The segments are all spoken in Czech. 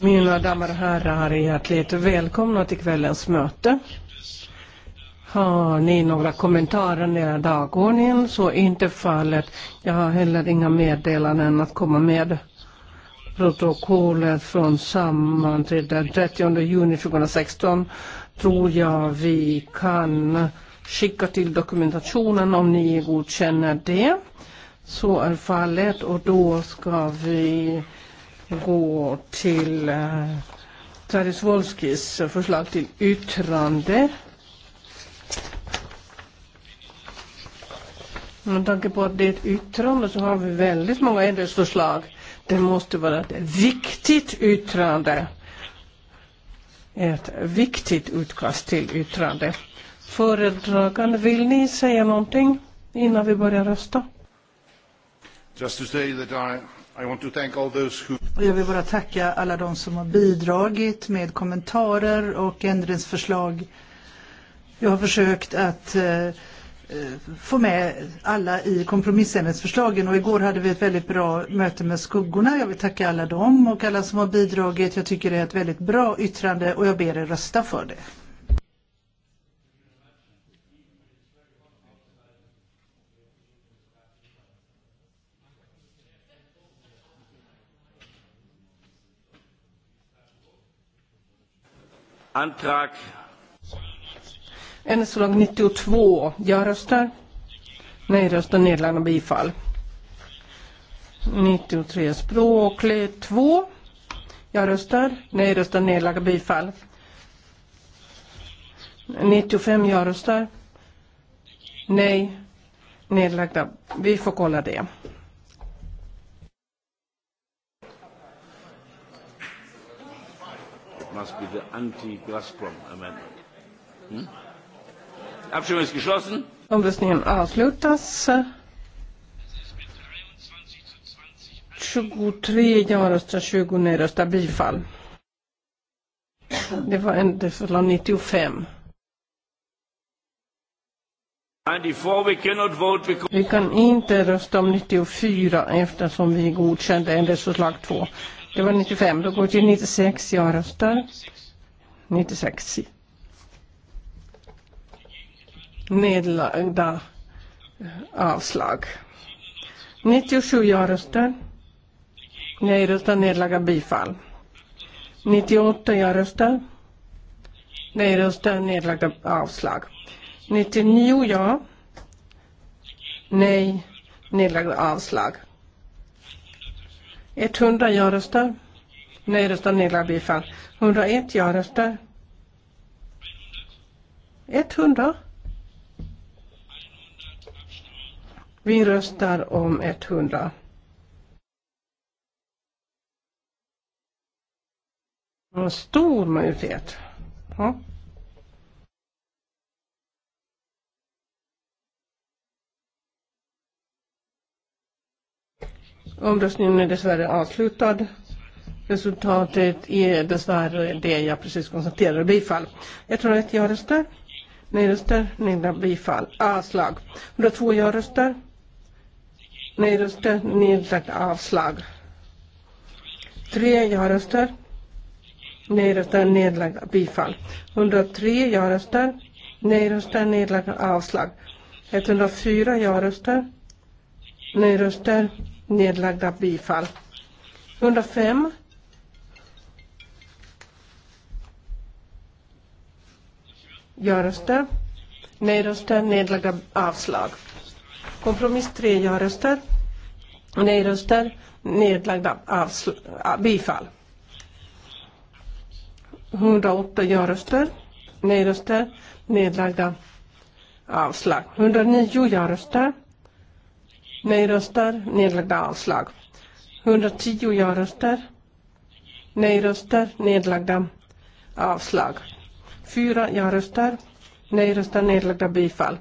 Mina damer och herrar, hjärtligt välkomna till kvällens möte. Har ni några kommentarer nere dagordningen så är inte fallet. Jag har heller inga meddelanden att komma med. Protokollet från sammanträdet den 30 juni 2016 tror jag vi kan skicka till dokumentationen om ni godkänner det så är fallet och då ska vi gå till eh, Taris Wolskis förslag till yttrande. Med tanke på att det är ett yttrande så har vi väldigt många ändringsförslag. Det måste vara ett viktigt yttrande. Ett viktigt utkast till yttrande. Föredragande, vill ni säga någonting innan vi börjar rösta? Just to say that I, I want to thank all those who... Jag vill bara tacka alla de som har bidragit med kommentarer och ändringsförslag. Jag har försökt att eh, eh, få med alla i kompromissändringsförslagen och igår hade vi ett väldigt bra möte med skuggorna. Jag vill tacka alla dem och alla som har bidragit. Jag tycker det är ett väldigt bra yttrande och jag ber er rösta för det. Antrag. Anslag 92. Jag röstar. Nej, röstar nedlagd och bifall. 93 språklig 2. Jag röstar. Nej, röstar nedlagd och bifall. 95 jag röstar. Nej, nedlagda. Vi får kolla det. must be the anti-Gazprom amendment. Hm? Abstimmung ist geschlossen. Omröstningen avslutas. 23 ja-röstar, 20 nej-röstar, bifall. Det var en var 95. Vi kan inte rösta om 94 eftersom vi godkände resultat 2. Det var 95. Då går till 96. Jag röstar. 96. Nedlagda avslag. 97. Jag röstar. Nej rösta nedlagda bifall. 98. Jag röstar. Nej rösta nedlagda avslag. 99. Ja. Nej. Nedlagda avslag. 100 ja-röster. Nej-röster nedlagd bifall. 101 ja-röster. 100. Vi röstar om 100. En stor majoritet. Ja. Omröstningen är dessvärre avslutad. Resultatet är dessvärre det jag precis konstaterade. Bifall. att jag röstar. Nej-röster. Negativa bifall. Avslag. 102 jag röstar. Nej-röster. Nedlagt avslag. Tre jag röstar. Nej-röster. Nedlagt bifall. 103 jag röstar. Nej-röster. Nedlagt avslag. 104 jag röstar. Nej-röster nedlagda bifall. 105. Ja-röster. Nej-röster. Nedlagda avslag. Kompromiss 3. Ja-röster. Nej-röster. Nedlagda avslag, bifall. 108 ja-röster. Nej-röster. Nedlagda avslag. 109 ja-röster. Nej-röster, nedlagda avslag. 110 ja-röster. Nej-röster, nedlagda avslag. 4 ja-röster. Nej-röster, nedlagda bifall.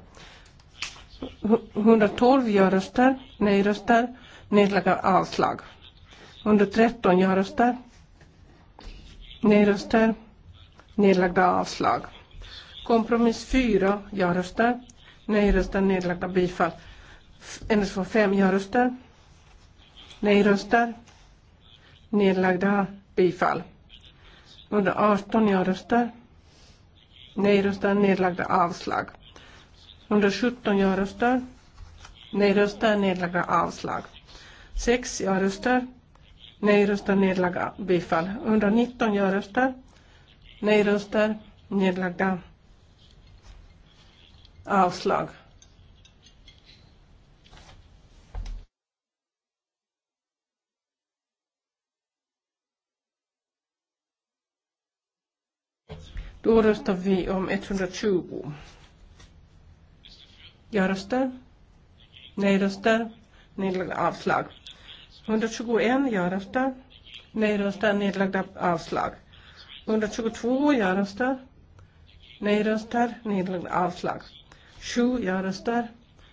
112 ja-röster. Nej-röster, nedlagda avslag. 113 ja-röster. Nej-röster, nedlagda avslag. Kompromiss 4 ja-röster. Nej-röster, nedlagda bifall var fem ja-röster, Nej röster Nedlagda bifall. 118. ja-röster, Nej röster Nedlagda avslag. 117. ja-röster, Nej röster Nedlagda avslag. 6. ja-röster, Nej röstar. Nedlagda bifall. 119. ja röstar. Nej röstar. Nedlagda avslag. Då röstar vi om 120. Jag röstar. nej röstar. Nedlagda avslag. 121. Jag röstar. nej röstar. Nedlagda avslag. 122. Jag röstar. nej röstar. Nedlagda avslag. 7. Jag röstar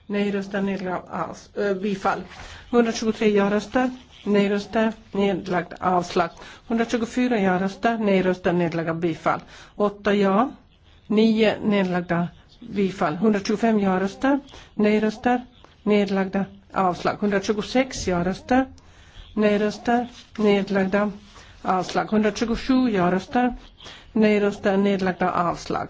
nej-röstar nedlagt avs- äh, e, bifall. 123 ja röstar. nej röstar. Nedlagt avslag. 124 ja röstar. nej röstar. Nedlagt bifall. 8 ja, 9 nedlagda bifall. 125 ja röstar. nej röstar. nedlagda avslag. 126 ja röstar. nej röstar. nedlagda avslag. 127 ja röstar. nej röstar. nedlagda avslag.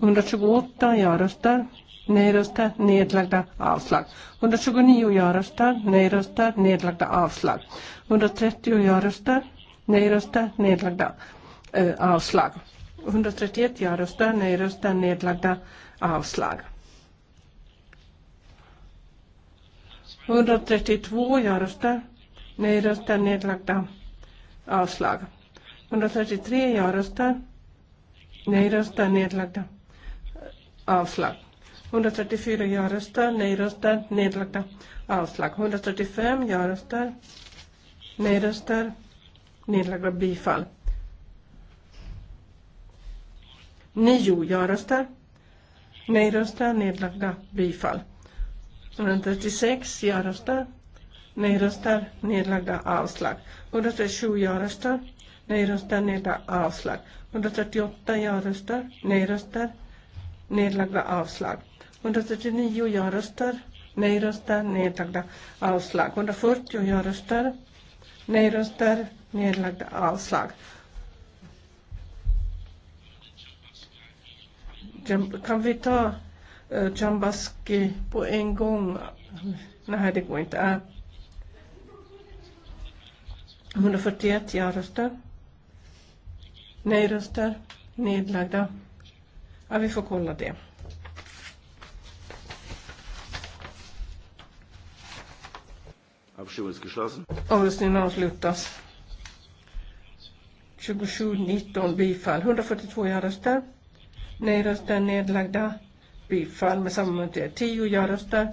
128 ja röstar nedröstar, nedlagda, avslag. 129 ja-röstar, nedröstar, nedlagda, avslag. 130 ja-röstar, nedröstar, nedlagda, eh, avslag. 131 ja-röstar, nedröstar, nedlagda, avslag. 132 ja-röstar, nedröstar, nedlagda, avslag. 133 ja-röstar, nedröstar, nedlagda, avslag. 134 ja-röster, nej-röster, nedlagda avslag. 135 ja-röster, nej-röster, nedlagda bifall. 9 ja-röster, nej-röster, nedlagda bifall. 136 ja-röster, nej-röster, nedlagda avslag. 137 ja-röster, nej-röster, nedlagda avslag. 138 ja-röster, nej-röster, nedlagda avslag. 139 jag röstar, nej röstar, nedlagda avslag. 140 jag röstar, nej röstar, nedlagda avslag. Kan vi ta uh, Jambaski på en gång? Nej, det går inte. Uh, 141 ja-röster. Nej-röster. Nedlagda. Ja, vi får kolla det. Omröstningen avslutas. 27-19 bifall. 142 ja-röster. Nej-röster nedlagda. Bifall med samma majoritet. 10 ja-röster.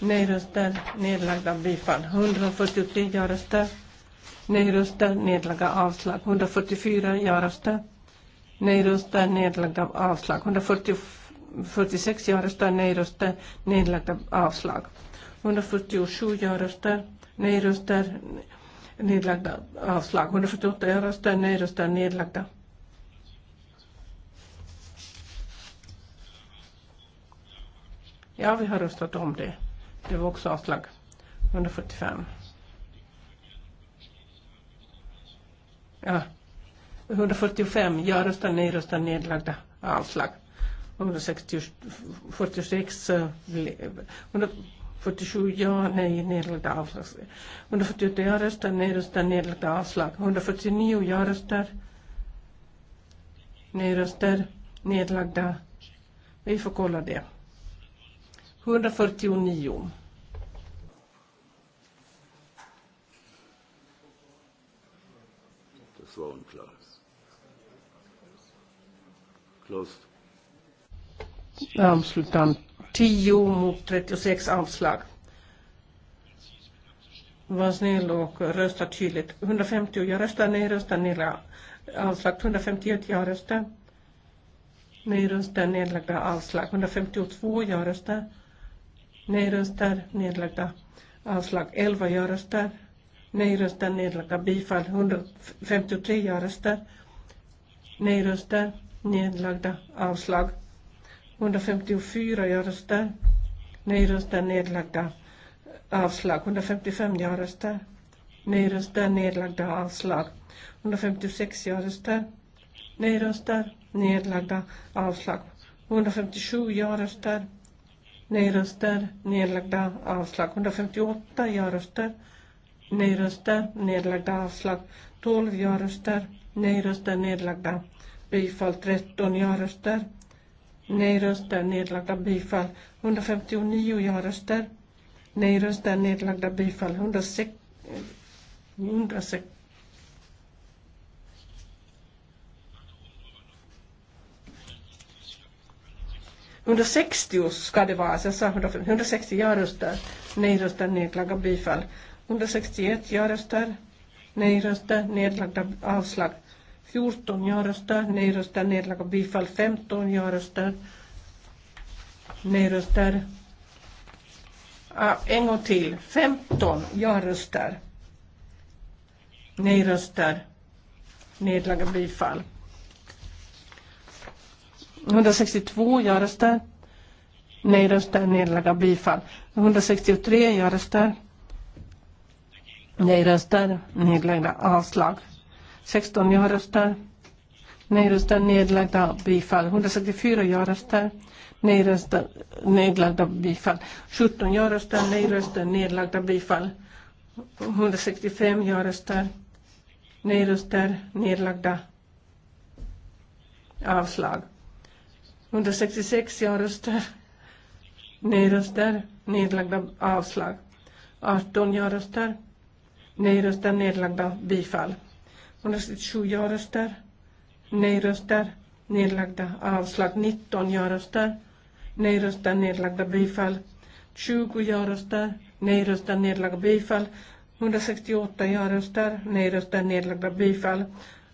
Nej-röster nedlagda. Bifall. 143 ja-röster. Nej-röster nedlagda. Avslag. 144 ja-röster. Nej-röster nedlagda. Avslag. 146 ja-röster. Nej-röster nedlagda. Avslag. 147 röster, nej röster nedlagda avslag. 148 röster, nej röster nedlagda. Ja, vi har röstat om det. Det var också avslag. 145. Ja. 145. Ja röstar nej, röstar nedlagda. Avslag. 146. 120 nej nedlagda avslag. 148 ja-röster, nej-röster, nedlagda avslag. 149 ja-röster, nej-röster, nedlagda. Vi får kolla det. 149. Das war unklar. Closed. Avslutande. 10 mot 36 avslag. Var snäll och rösta tydligt. 150, jag röstar nej, röstar nedlagda. Avslag 151, jag röstar. Nej, röstar nedlagda. Avslag 152, jag röstar. Nej, röstar nedlagda. Avslag 11, jag röstar. Nej, röstar nedlagda. Bifall 153, jag röstar. Nej, röstar nedlagda. Avslag 154 jag röstar. Nej-röster nedlagda. Avslag. 155 jag röster Nej-röster nedlagda. Avslag. 156 jag röster Nej-röster nedlagda. Avslag. 157 jag röster Nej-röster nedlagda. Avslag. 158 jag röster Nej-röster nedlagda. Avslag. 12 jag röster Nej-röster nedlagda. Bifall 13 jag röster Nej-röster nedlagda bifall 159 ja-röster. Nej-röster nedlagda bifall 106. 106. Under ska det vara, så jag sa 160 ja-röster, nej-röster, nedlagda bifall. 161 ja-röster, nej-röster, nedlagda avslag. 14, jag röstar. Nej röstar nedlagda bifall 15, jag röstar. Nej röstar. Ah, en gång till. 15, jag röstar. Nej röstar. Nedlagda bifall. 162, jag röstar. Nej röstar, nedlagda bifall. 163, jag röstar. Nej röstar, nedlagda avslag. 16 ja-röster. Nej-röster nedlagda bifall. 164 ja-röster. Nej-röster nedlagda bifall. 17 ja-röster. Nej-röster nedlagda bifall. 165 ja-röster. Nej-röster nedlagda. Avslag. 166 ja-röster. Nej-röster nedlagda avslag. 18 ja-röster. Nej-röster nedlagda bifall. 120 ja-röster, nej-röster, nedlagda avslag 19 ja-röster, nej-röster, nedlagda bifall 20 ja-röster, nej-röster, nedlagda bifall 168 ja-röster, nej-röster, nedlagda bifall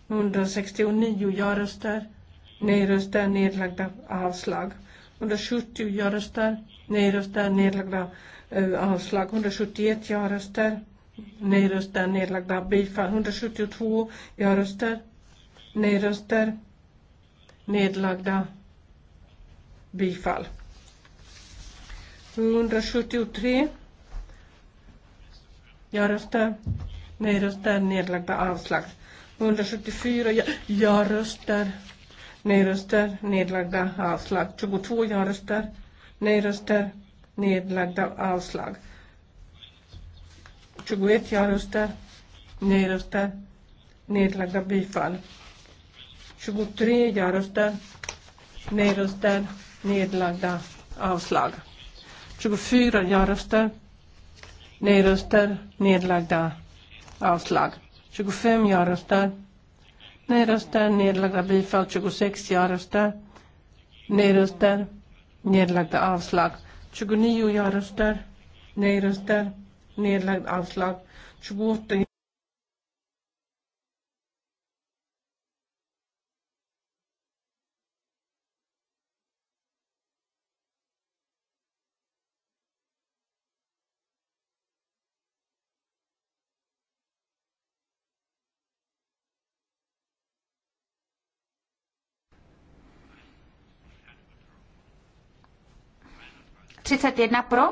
169 ja-röster, nej-röster, nedlagda avslag 170 ja-röster, nej-röster, nedlagda øh, avslag 171 ja-röster, Nej-röster. Nedlagda bifall. 172 ja-röster. Nej-röster. Nedlagda bifall. 173 ja-röster. Nej-röster. Nedlagda avslag. 174 ja-röster. ja röster nej röster nedlagda avslag. 22 ja-röster, nej-röster, nedlagda avslag. Tjugoett jag röstar, nej röstar, nedlagda bifall. 23 jag röstar, nej röstar, avslag. 24 jag röstar, nej röstar, avslag. 25 jag röstar, nej röstar, nedlagda bifall. 26 jag röstar, nej röstar, nedlagda avslag. 29 jag röstar, nej nedlagd anslag 28 31 pro,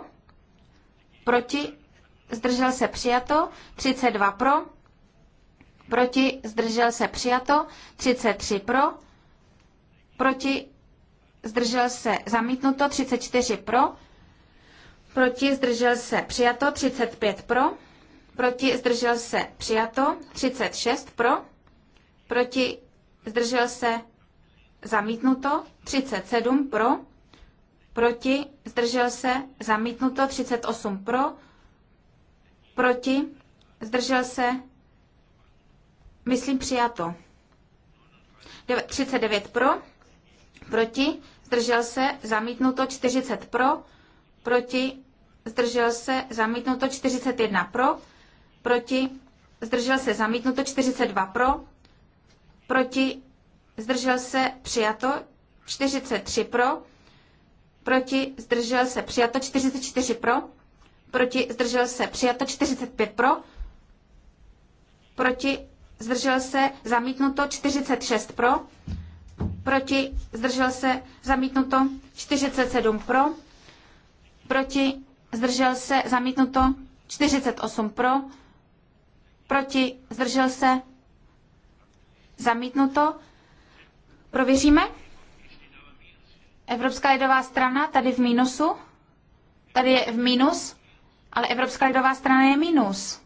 proti zdržel se přijato, 32 pro, proti, zdržel se přijato, 33 pro, proti, zdržel se zamítnuto, 34 pro, proti, zdržel se přijato, 35 pro, proti, zdržel se přijato, 36 pro, proti, zdržel se zamítnuto, 37 pro, proti, zdržel se zamítnuto, 38 pro, proti, zdržel se, myslím přijato. 39 pro, proti, zdržel se, zamítnuto 40 pro, proti, zdržel se, zamítnuto 41 pro, proti, zdržel se, zamítnuto 42 pro, proti, zdržel se, přijato 43 pro, proti, zdržel se, přijato 44 pro, proti, zdržel se, přijato 45 pro, proti, zdržel se, zamítnuto 46 pro, proti, zdržel se, zamítnuto 47 pro, proti, zdržel se, zamítnuto 48 pro, proti, zdržel se, zamítnuto. Prověříme. Evropská lidová strana tady v mínusu. Tady je v mínus ale Evropská lidová strana je minus.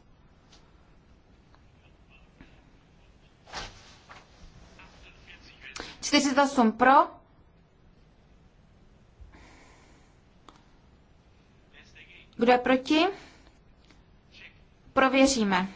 Čtyřicet osm pro. Kdo je proti? Prověříme.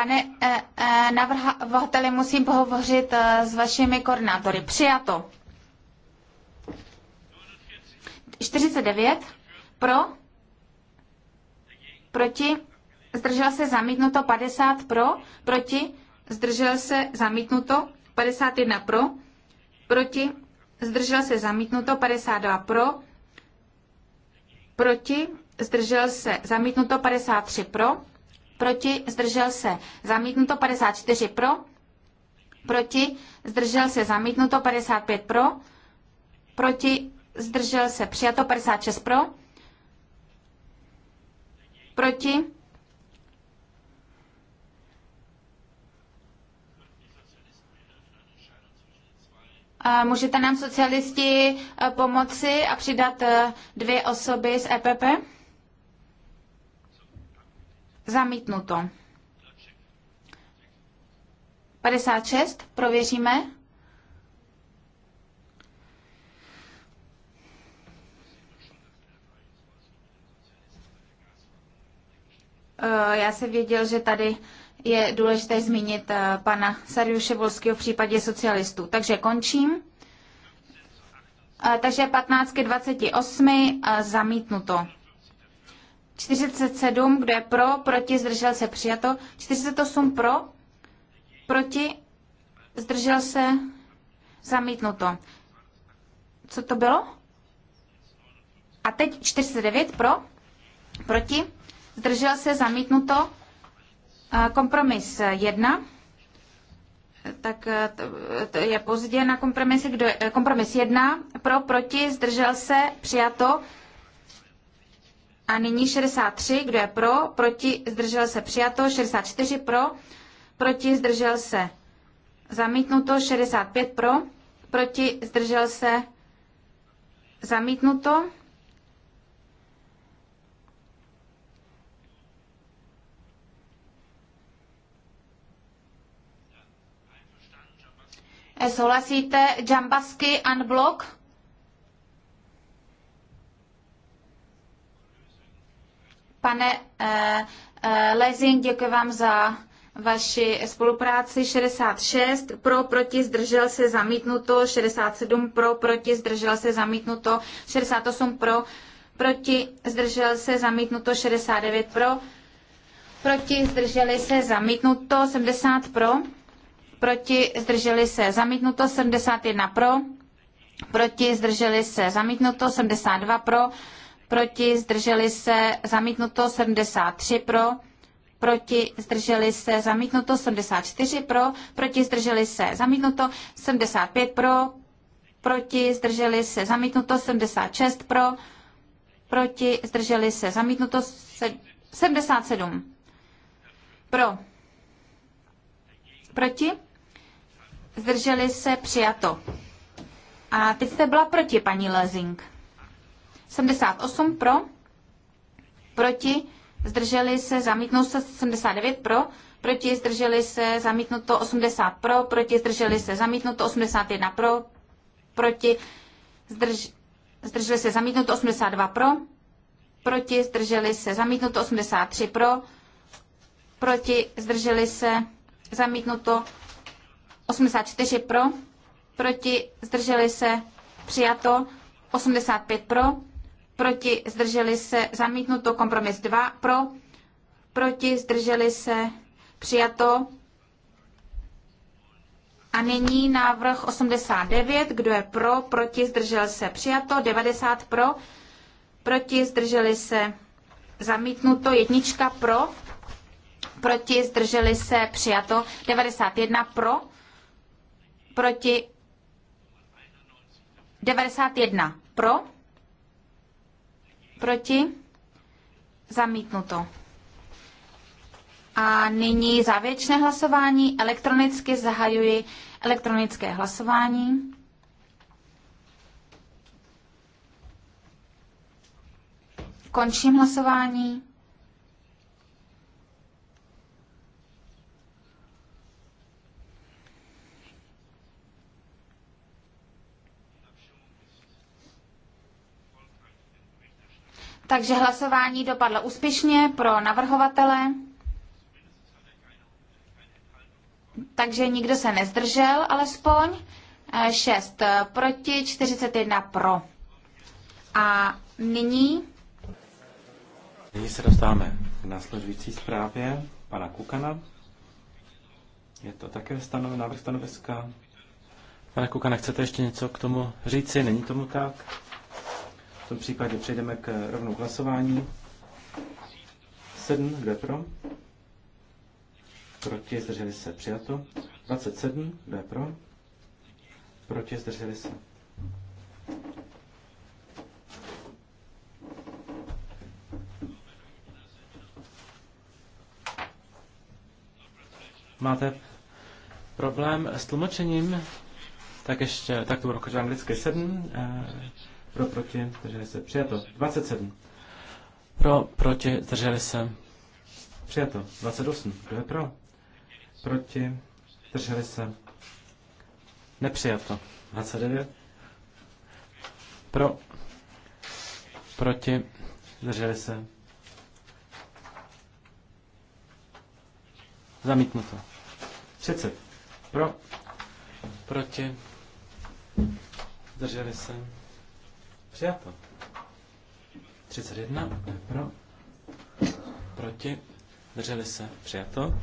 Pane eh, eh, navrhovateli, musím pohovořit eh, s vašimi koordinátory. Přijato. 49 pro, proti, zdržel se zamítnuto 50 pro, proti, zdržel se zamítnuto 51 pro, proti, zdržel se zamítnuto 52 pro, proti, zdržel se zamítnuto 53 pro, proti, zdržel se, zamítnuto 54 pro, proti, zdržel se, zamítnuto 55 pro, proti, zdržel se, přijato 56 pro, proti, eh, Můžete nám socialisti eh, pomoci a přidat eh, dvě osoby z EPP? Zamítnuto. 56. Prověříme. Eh, já se věděl, že tady je důležité zmínit eh, pana Sariuše Volského v případě socialistů. Takže končím. Eh, takže 15 28 zamítnuto. 47, kdo je pro, proti, zdržel se, přijato. 48 pro, proti, zdržel se, zamítnuto. Co to bylo? A teď 49 pro, proti, zdržel se, zamítnuto. Kompromis 1, tak eh, to je pozdě na kompromisy. Kdo je, eh, kompromis 1, pro, proti, zdržel se, přijato. A nyní 63, kdo je pro, proti, zdržel se přijato, 64 pro, proti, zdržel se zamítnuto, 65 pro, proti, zdržel se zamítnuto. Souhlasíte, Jambasky unblock? Pane eh, eh, Lezin, děkuji vám za vaši spolupráci 66 pro, proti, zdržel se, zamítnuto, 67 pro, proti, zdržel se, zamítnuto, 68 pro, proti, zdržel se, zamítnuto, 69 pro, proti, zdrželi se, zamítnuto, 70 pro, proti, zdrželi se, zamítnuto, 71 pro, proti, zdrželi se, zamítnuto, 72 pro, proti, zdrželi se, zamítnuto 73 pro, proti, zdrželi se, zamítnuto 74 pro, proti, zdrželi se, zamítnuto 75 pro, proti, zdrželi se, zamítnuto 76 pro, proti, zdrželi se, zamítnuto 77 pro, proti, zdrželi se, přijato. A teď jste byla proti, paní Lezing. 78 pro, proti, zdrželi se zamítnout se 79 pro, proti, zdrželi se zamítnuto 80 pro, proti, zdrželi se zamítnuto 81 pro, proti, zdrž, zdrželi se zamítnuto 82 pro, proti, zdrželi se zamítnuto 83 pro, proti, zdrželi se zamítnuto 84 pro, proti, zdrželi se přijato 85 pro, proti, zdrželi se, zamítnuto, kompromis 2, pro, proti, zdrželi se, přijato. A nyní návrh 89, kdo je pro, proti, zdržel se, přijato, 90 pro, proti, zdrželi se, zamítnuto, jednička pro, proti, zdrželi se, přijato, 91 pro, proti, 91 pro, Proti? Zamítnuto. A nyní závěrečné hlasování. Elektronicky zahajuji elektronické hlasování. Končím hlasování. Takže hlasování dopadlo úspěšně pro navrhovatele. Takže nikdo se nezdržel, alespoň 6 eh, eh, proti, 41 pro. A nyní? Nyní se dostáváme k následující zprávě pana Kukana. Je to také stanov, návrh stanoviska. Pane Kukane, chcete ještě něco k tomu říci? Není tomu tak? tom případě přejdeme k rovnou hlasování. 7, kdo je pro? Proti, zdrželi se, přijato. 27, kdo je pro? Proti, zdrželi se. Máte problém s tlumočením? Tak ještě, tak to bylo anglicky 7. Pro, proti, zdrželi se. Přijato. 27. Pro, proti, zdrželi se. Přijato. 28. Kdo je pro? Proti, zdrželi se. Nepřijato. 29. Pro, proti, zdrželi se. Zamítnuto. 30. Pro, proti, zdrželi se. Přijato. 31. Pro. Proti. Drželi se. Přijato.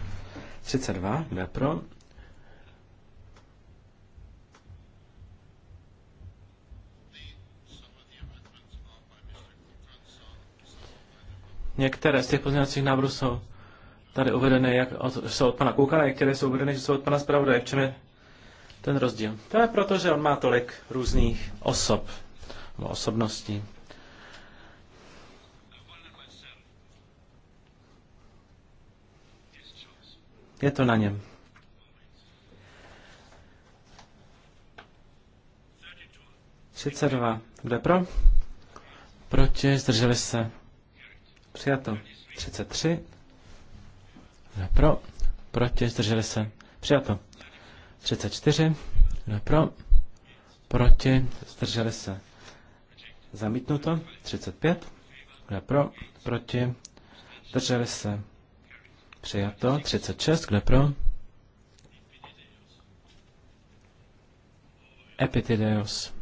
32. Kdo pro? Některé z těch pozměňovacích návrhů jsou tady uvedeny, jak od, jsou od pana jak některé jsou uvedeny, že jsou od pana Spravodaje. V čem je ten rozdíl? To je proto, že on má tolik různých osob v osobnosti. Je to na něm. 32. dva. Kde pro? Proti, zdrželi se. Přijato. 33. Kdo pro? Proti, zdrželi se. Přijato. 34. Kdo pro? Proti, zdrželi se. Zamítnuto. 35. Kdo je pro? Proti? Drželi se. Přijato. 36. Kdo je pro? Epitideus.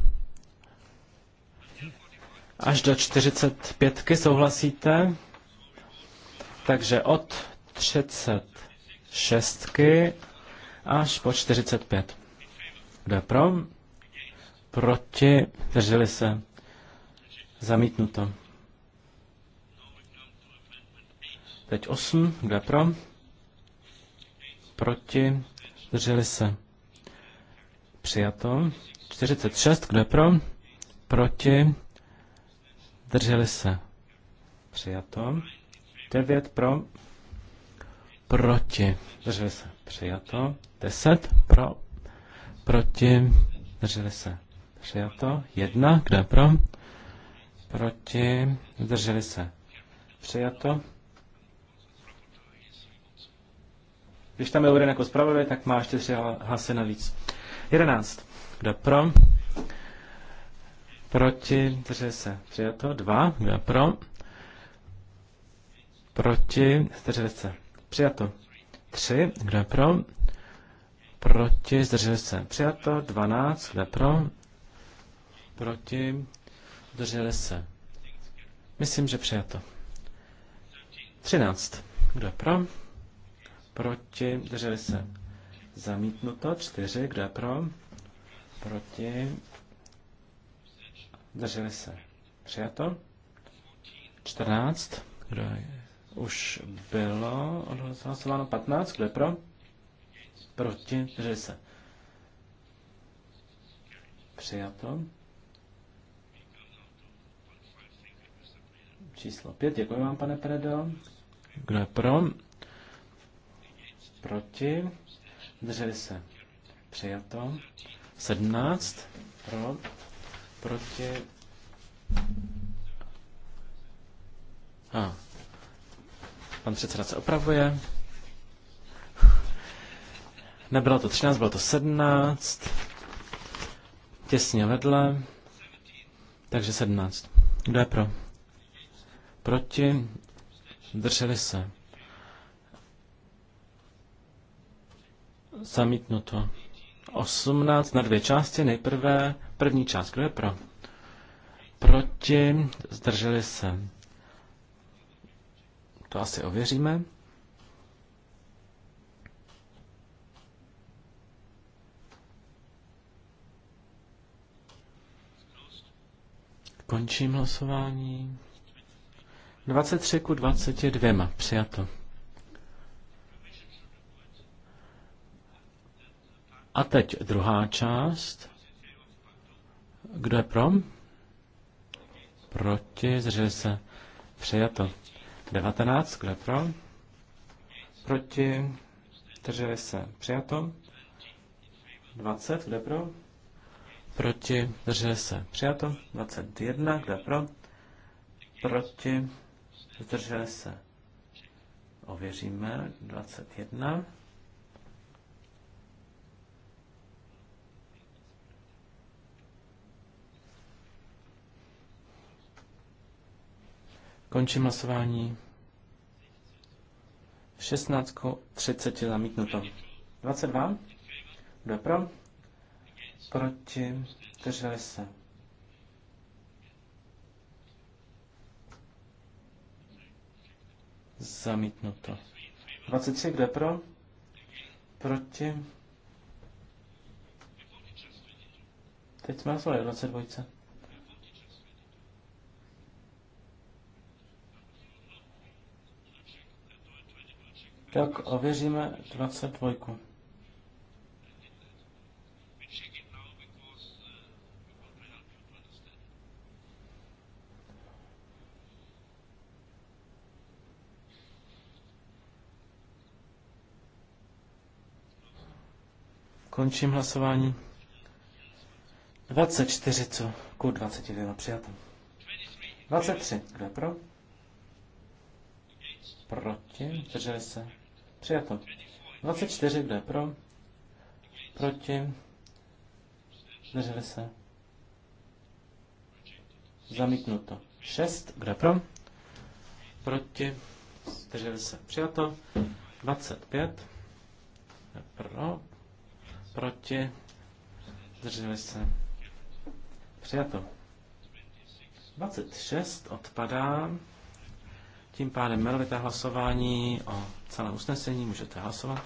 Až do 45 souhlasíte. Takže od 36 až po 45. Kdo je pro? Proti? Drželi se. Zamítnuto. Teď 8, kde pro? Proti, zdrželi se. Přijato. 46, kde pro? Proti, zdrželi se. Přijato. 9 pro, proti, zdrželi se. Přijato. 10 pro, proti, zdrželi se. Přijato. 1, kde pro? Proti? Zdrželi se. Přijato. Když tam je uveden jako zpravodaj, tak má ještě tři hlasy navíc. 11. Kdo pro? Proti? Zdrželi se. Přijato. Dva. Kdo pro? Proti? Zdrželi se. Přijato. Tři. Kdo pro? Proti? Zdrželi se. Přijato. 12. Kdo pro? Proti? Zdrželi se. Myslím, že přijato. 13. Kdo je pro? Proti. Zdrželi se. Zamítnuto. 4. Kdo je pro? Proti. Zdrželi se. Přijato. 14. Kdo je? Už bylo odhlasováno 15. Kdo je pro? Proti. Zdrželi se. Přijato. číslo 5. Děkuji vám, pane Predo. Kdo je pro? Proti? Zdrželi se. Přijato. 17. Pro. Proti. A. Pan předseda se opravuje. Nebylo to 13, bylo to 17. Těsně vedle. Takže 17. Kdo je pro? Proti? Zdrželi se. Zamítnuto. 18 na dvě části. Nejprve první část. Kdo je pro? Proti? Zdrželi se. To asi ověříme. Končím hlasování. 23 ku 22. Přijato. A teď druhá část. Kdo je pro? Proti, zdrželi se. Přijato. 19, kdo je pro? Proti, zdrželi se. Přijato. 20, kdo je pro? Proti, zdrželi se. Přijato. 21, kdo je pro? Proti, Zdrželi se. Ověříme. 21. Končím hlasování. 16 30 zamítnuto. 22. Kdo pro? Proti. Drželi se. Zamítnuto. 23, kde pro? Proti? Teď jsme hlasovali 22. Tak ověříme 22. Končím hlasování. 24, co? Ku 22 přijato. 23, kdo je pro? Proti, drželi se. Přijato. 24, kdo je pro? Proti, drželi se. Zamítnuto. 6, kdo je pro? Proti, drželi se. Přijato. 25, pro, Proti? Zdrželi se. Přijato. 26 odpadá. Tím pádem jmenovité hlasování o celé usnesení. Můžete hlasovat.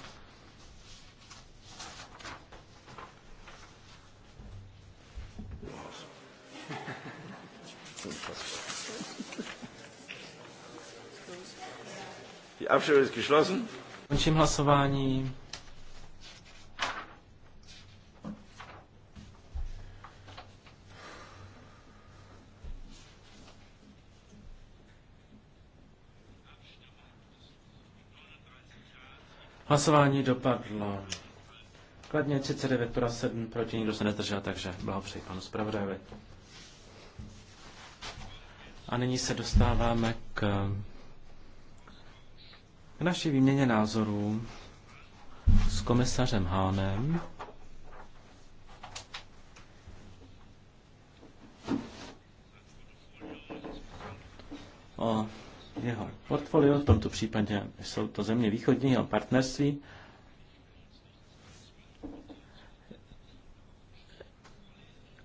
Končím hlasování. Hlasování dopadlo. Kladně 39 pro 7, proti nikdo se nedržel, takže blahopřeji panu zpravodajovi. A nyní se dostáváme k, k naší výměně názorů s komisařem Hánem. O jeho portfolio, v tomto případě jsou to země východního partnerství.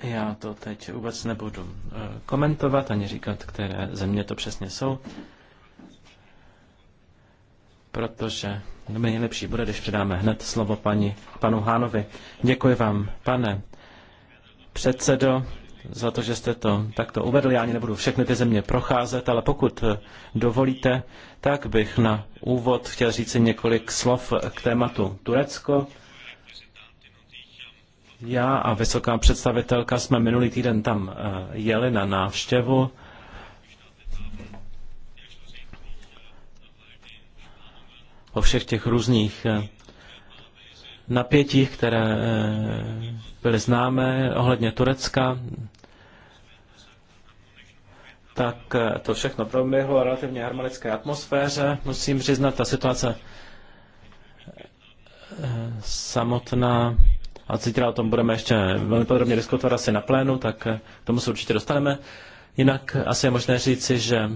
Já to teď vůbec nebudu eh, komentovat ani říkat, které země to přesně jsou, protože nejlepší bude, když předáme hned slovo paní, panu Hánovi. Děkuji vám, pane předsedo za to, že jste to takto uvedl. Já ani nebudu všechny ty země procházet, ale pokud eh, dovolíte, tak bych na úvod chtěl říct několik slov k tématu Turecko. Já a vysoká představitelka jsme minulý týden tam eh, jeli na návštěvu. O všech těch různých eh, napětích, které byly známé ohledně Turecka tak eh, to všechno proběhlo relativně harmonické atmosféře. Musím přiznat, ta situace eh, samotná, a zítra o tom budeme ještě velmi podrobně diskutovat asi na plénu, tak eh, k tomu se určitě dostaneme. Jinak asi je možné říci, že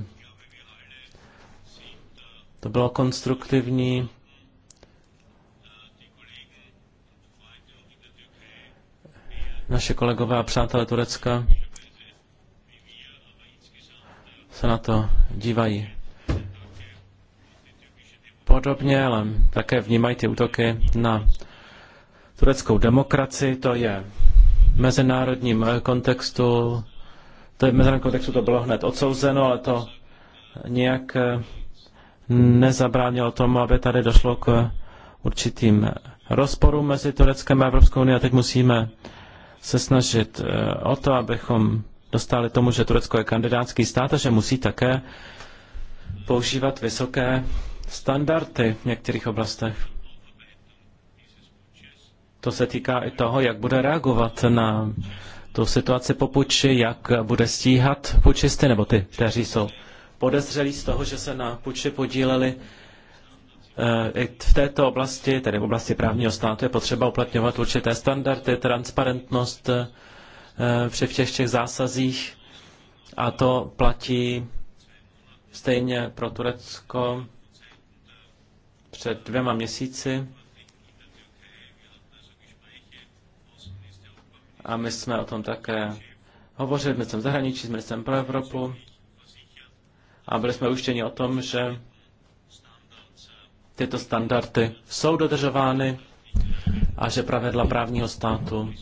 to bylo konstruktivní. Naše kolegové a přátelé Turecka se na to dívají podobně, ale také vnímají ty útoky na tureckou demokracii. To je v mezinárodním kontextu, to je v mezinárodním kontextu to bylo hned odsouzeno, ale to nějak eh, nezabránilo tomu, aby tady došlo k určitým rozporům mezi Tureckem a Evropskou unii a teď musíme se snažit eh, o to, abychom dostali tomu, že Turecko je kandidátský stát a že musí také používat vysoké standardy v některých oblastech. To se týká i toho, jak bude reagovat na tu situaci po puči, jak bude stíhat pučisty, nebo ty, kteří jsou podezřelí z toho, že se na puči podíleli. Eh, I v této oblasti, tedy v oblasti právního státu, je potřeba uplatňovat určité standardy, transparentnost, eh, Eh, při všech těch zásazích a to platí stejně pro Turecko před dvěma měsíci. A my jsme o tom také hovořili s ministrem zahraničí, s ministrem pro Evropu a byli jsme uštěni o tom, že tyto standardy jsou dodržovány a že pravidla právního státu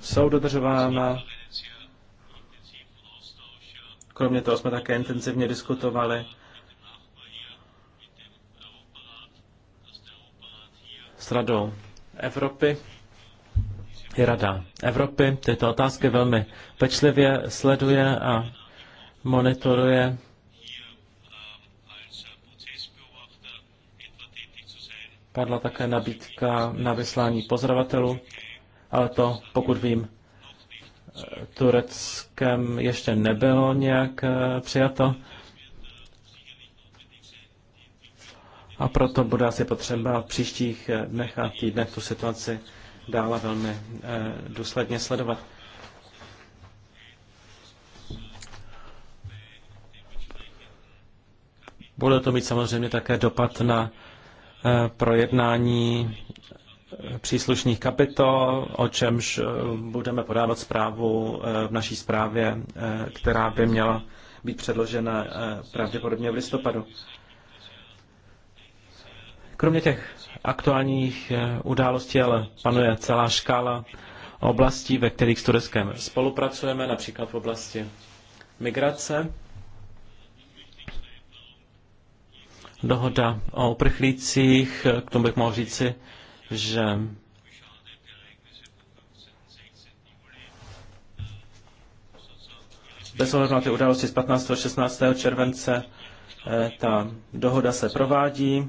jsou dodržována. Kromě toho jsme také intenzivně diskutovali s Radou Evropy. I Rada Evropy tyto otázky velmi pečlivě sleduje a monitoruje. Padla také nabídka na vyslání pozorovatelů ale to, pokud vím, Tureckem ještě nebylo nějak eh, přijato. A proto bude asi potřeba v příštích eh, dnech a týdnech tu situaci dále velmi eh, důsledně sledovat. Bude to mít samozřejmě také dopad na projednání příslušných kapitol, o čemž eh, budeme podávat zprávu eh, v naší zprávě, eh, která by měla být předložena pravděpodobně v listopadu. Kromě těch aktuálních událostí ale panuje celá škála oblastí, ve kterých s Tureckem spolupracujeme, například v oblasti migrace. Dohoda o uprchlících, k tomu bych mohl říci že bez ohledu na ty události z 15. a 16. července eh, ta dohoda se provádí.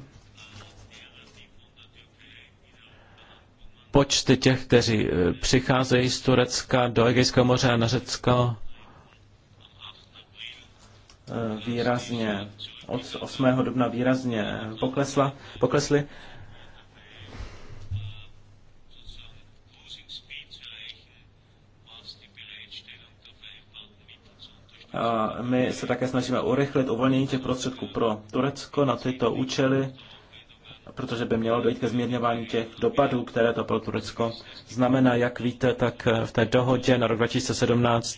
Počty těch, kteří eh, přicházejí z Turecka do Egejského moře a na Řecko, eh, výrazně od 8. dubna výrazně poklesla, poklesly. my se také snažíme urychlit uvolnění těch prostředků pro Turecko na tyto účely, protože by mělo dojít ke zmírňování těch dopadů, které to pro Turecko znamená. Jak víte, tak v té dohodě na rok 2017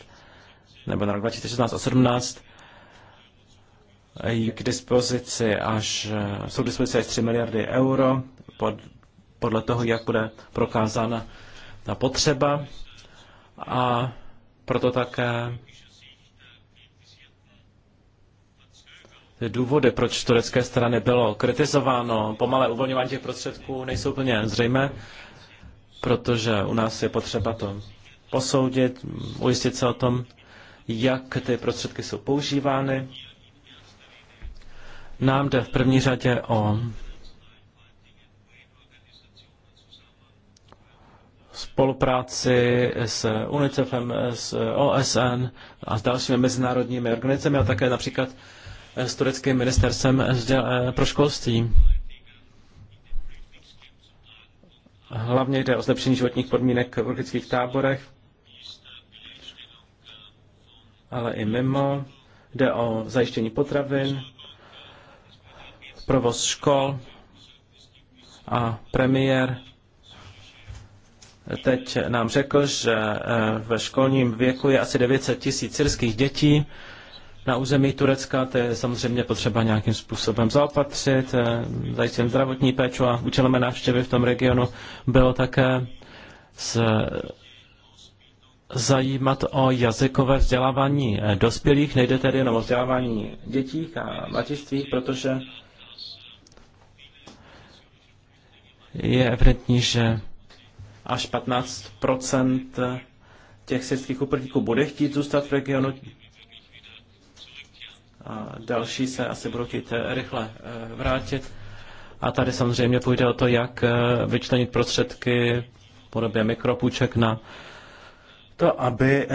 nebo na rok 2016 a 2017 k dispozici až, jsou k dispozici až 3 miliardy euro pod, podle toho, jak bude prokázána ta potřeba a proto také důvody, proč z turecké strany bylo kritizováno. Pomalé uvolňování těch prostředků nejsou úplně zřejmé, protože u nás je potřeba to posoudit, ujistit se o tom, jak ty prostředky jsou používány. Nám jde v první řadě o spolupráci s UNICEFem, s OSN a s dalšími mezinárodními organizacemi a také například s tureckým ministerstvem eh, pro školství. Hlavně jde o zlepšení životních podmínek v uprchlických táborech, ale i mimo. Jde o zajištění potravin, provoz škol a premiér teď nám řekl, že eh, ve školním věku je asi 900 tisíc syrských dětí, na území Turecka, to je samozřejmě potřeba nějakým způsobem zaopatřit, eh, zajistit zdravotní péču a účelem návštěvy v tom regionu bylo také se zajímat o jazykové vzdělávání eh, dospělých, nejde tedy jenom o vzdělávání dětí a mladistvých, protože je evidentní, že až 15 eh, těch syrských uprchlíků bude chtít zůstat v regionu a další se asi budou chtít eh, rychle eh, vrátit. A tady samozřejmě půjde o to, jak eh, vyčlenit prostředky v podobě mikropůjček na to, aby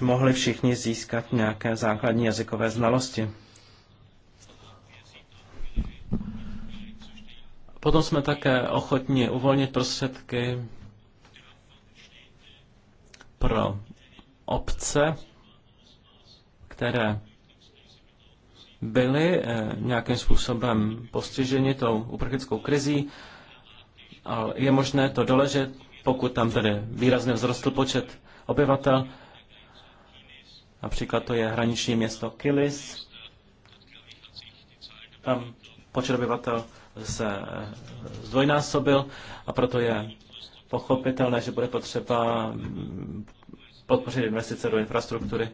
mohli všichni získat nějaké základní jazykové znalosti. Potom jsme také ochotni uvolnit prostředky pro obce, které byli eh, nějakým způsobem postiženi tou uprchlickou krizí. Ale je možné to doležet, pokud tam tedy výrazně vzrostl počet obyvatel. Například to je hraniční město Kilis. Tam počet obyvatel se eh, zdvojnásobil a proto je pochopitelné, že bude potřeba podpořit investice do infrastruktury.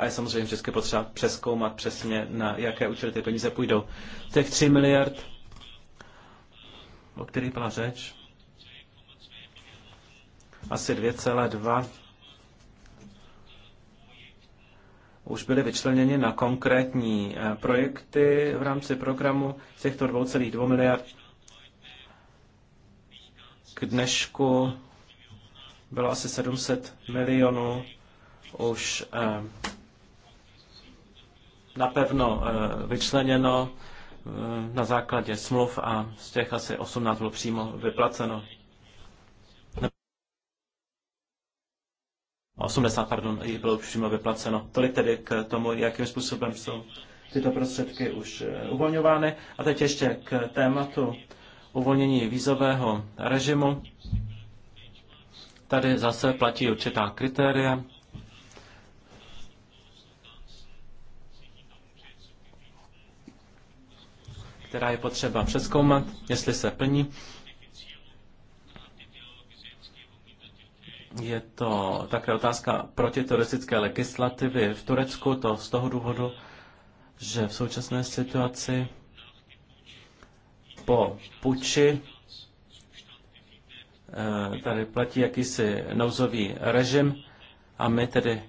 a je samozřejmě vždycky potřeba přeskoumat přesně, na jaké účely ty peníze půjdou. Těch 3 miliard, o kterých byla řeč, asi 2,2 už byly vyčleněny na konkrétní eh, projekty v rámci programu z těchto 2,2 miliard. K dnešku bylo asi 700 milionů už eh, napevno eh, vyčleněno eh, na základě smluv a z těch asi 18 bylo přímo vyplaceno. 80, pardon, jich bylo přímo vyplaceno. Tolik tedy k tomu, jakým způsobem jsou tyto prostředky už eh, uvolňovány. A teď ještě k tématu uvolnění vízového režimu. Tady zase platí určitá kritéria. která je potřeba přeskoumat, jestli se plní. Je to také otázka protiteroristické legislativy v Turecku, to z toho důvodu, že v současné situaci po puči eh, tady platí jakýsi nouzový režim a my tedy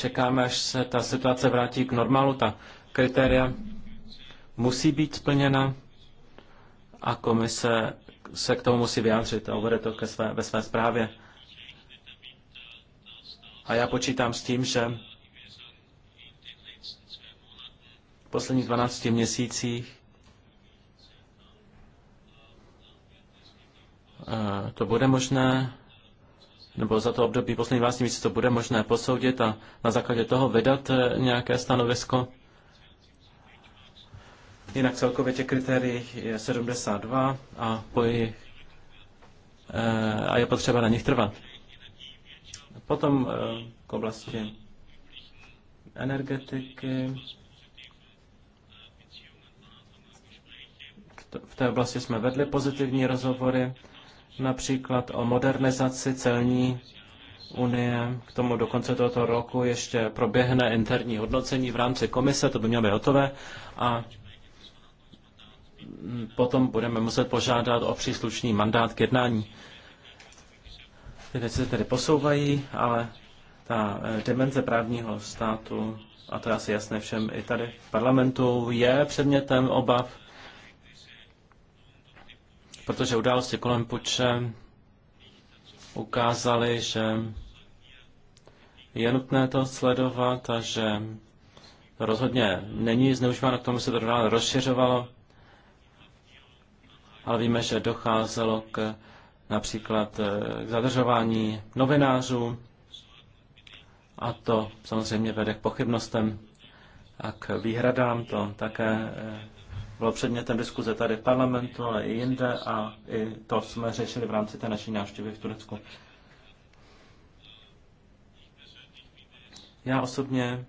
čekáme, až se ta situace vrátí k normálu, ta kritéria musí být splněna a komise se k tomu musí vyjádřit a uvede to ke své, ve své zprávě. A já počítám s tím, že v posledních 12 měsících eh, to bude možné nebo za to období poslední 12 měsíců bude možné posoudit a na základě toho vydat eh, nějaké stanovisko. Jinak celkově těch kritérií je 72 a, po jejich, eh, a je potřeba na nich trvat. Potom eh, k oblasti energetiky. V té oblasti jsme vedli pozitivní rozhovory například o modernizaci celní unie. K tomu do konce tohoto roku ještě proběhne interní hodnocení v rámci komise, to by mělo být hotové. A potom budeme muset požádat o příslušný mandát k jednání. Ty věci se tedy posouvají, ale ta eh, dimenze právního státu, a to je asi jasné všem i tady v parlamentu, je předmětem obav protože události kolem Puče ukázaly, že je nutné to sledovat a že rozhodně není zneužíváno k tomu, se to dále rozšiřovalo, ale víme, že docházelo k například eh, k zadržování novinářů a to samozřejmě vede k pochybnostem a k výhradám, to také eh, bylo předmětem diskuze tady v parlamentu, ale i jinde a i to jsme řešili v rámci té naší návštěvy v Turecku. Já osobně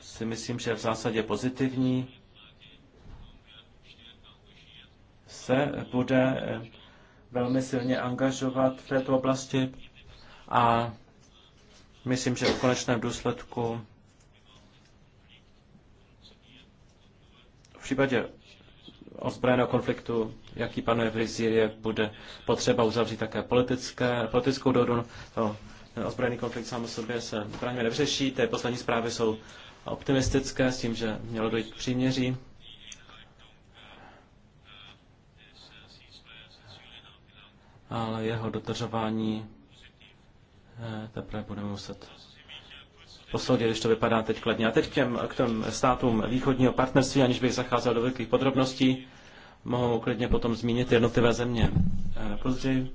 si myslím, že v zásadě pozitivní se bude velmi silně angažovat v této oblasti a myslím, že v konečném důsledku V případě ozbrojeného konfliktu, jaký panuje v Syrii, bude potřeba uzavřít také politické, politickou dohodu. To ozbrojený konflikt sám o sobě se právě nevřeší. Ty poslední zprávy jsou optimistické s tím, že mělo dojít k příměří. Ale jeho dotržování eh, teprve budeme muset posoudit, když to vypadá teď kladně. A teď k těm, k těm státům východního partnerství, aniž bych zacházel do velkých podrobností, mohou klidně potom zmínit jednotlivé země. Později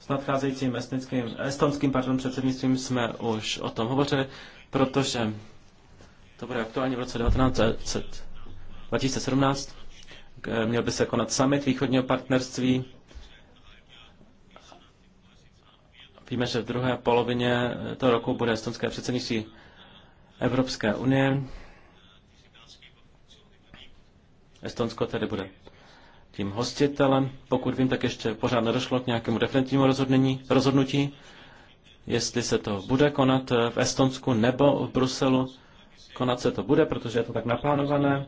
s nadcházejícím estnickým, estonským pardon, předsednictvím jsme už o tom hovořili, protože to bude aktuálně v roce 2017. Měl by se konat summit východního partnerství Víme, že v druhé polovině toho roku bude estonské předsednictví Evropské unie. Estonsko tedy bude tím hostitelem. Pokud vím, tak ještě pořád nedošlo k nějakému definitivnímu rozhodnutí, jestli se to bude konat v Estonsku nebo v Bruselu. Konat se to bude, protože je to tak naplánované.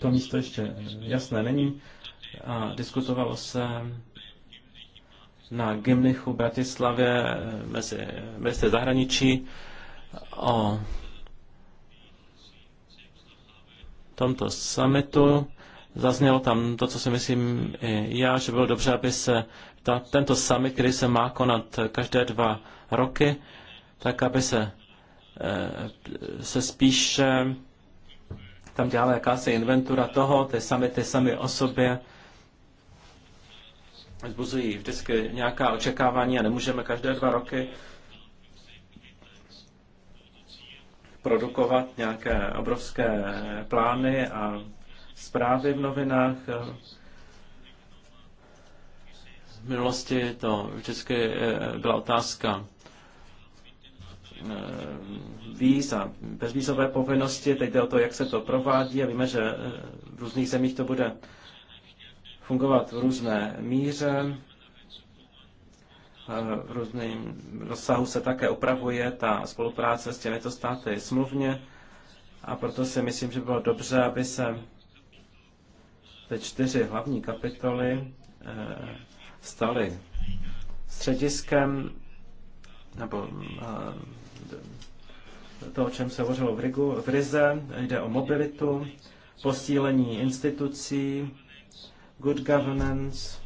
To místo ještě jasné není. A diskutovalo se na Gimnichu v Bratislavě mezi městě zahraničí o tomto summitu. Zaznělo tam to, co si myslím i já, že bylo dobře, aby se ta, tento summit, který se má konat každé dva roky, tak aby se, eh, se spíše tam dělala jakási inventura toho, ty samy, ty samy o sobě, vzbuzují vždycky nějaká očekávání a nemůžeme každé dva roky produkovat nějaké obrovské plány a zprávy v novinách. V minulosti to vždycky eh, byla otázka eh, víz a bezvízové povinnosti. Teď jde o to, jak se to provádí a víme, že eh, v různých zemích to bude fungovat v různé míře, v různém rozsahu se také upravuje ta spolupráce s těmito státy smluvně a proto si myslím, že bylo dobře, aby se ty čtyři hlavní kapitoly eh, staly střediskem nebo eh, to, o čem se hovořilo v, Rigu, v Rize, jde o mobilitu, posílení institucí, good governance.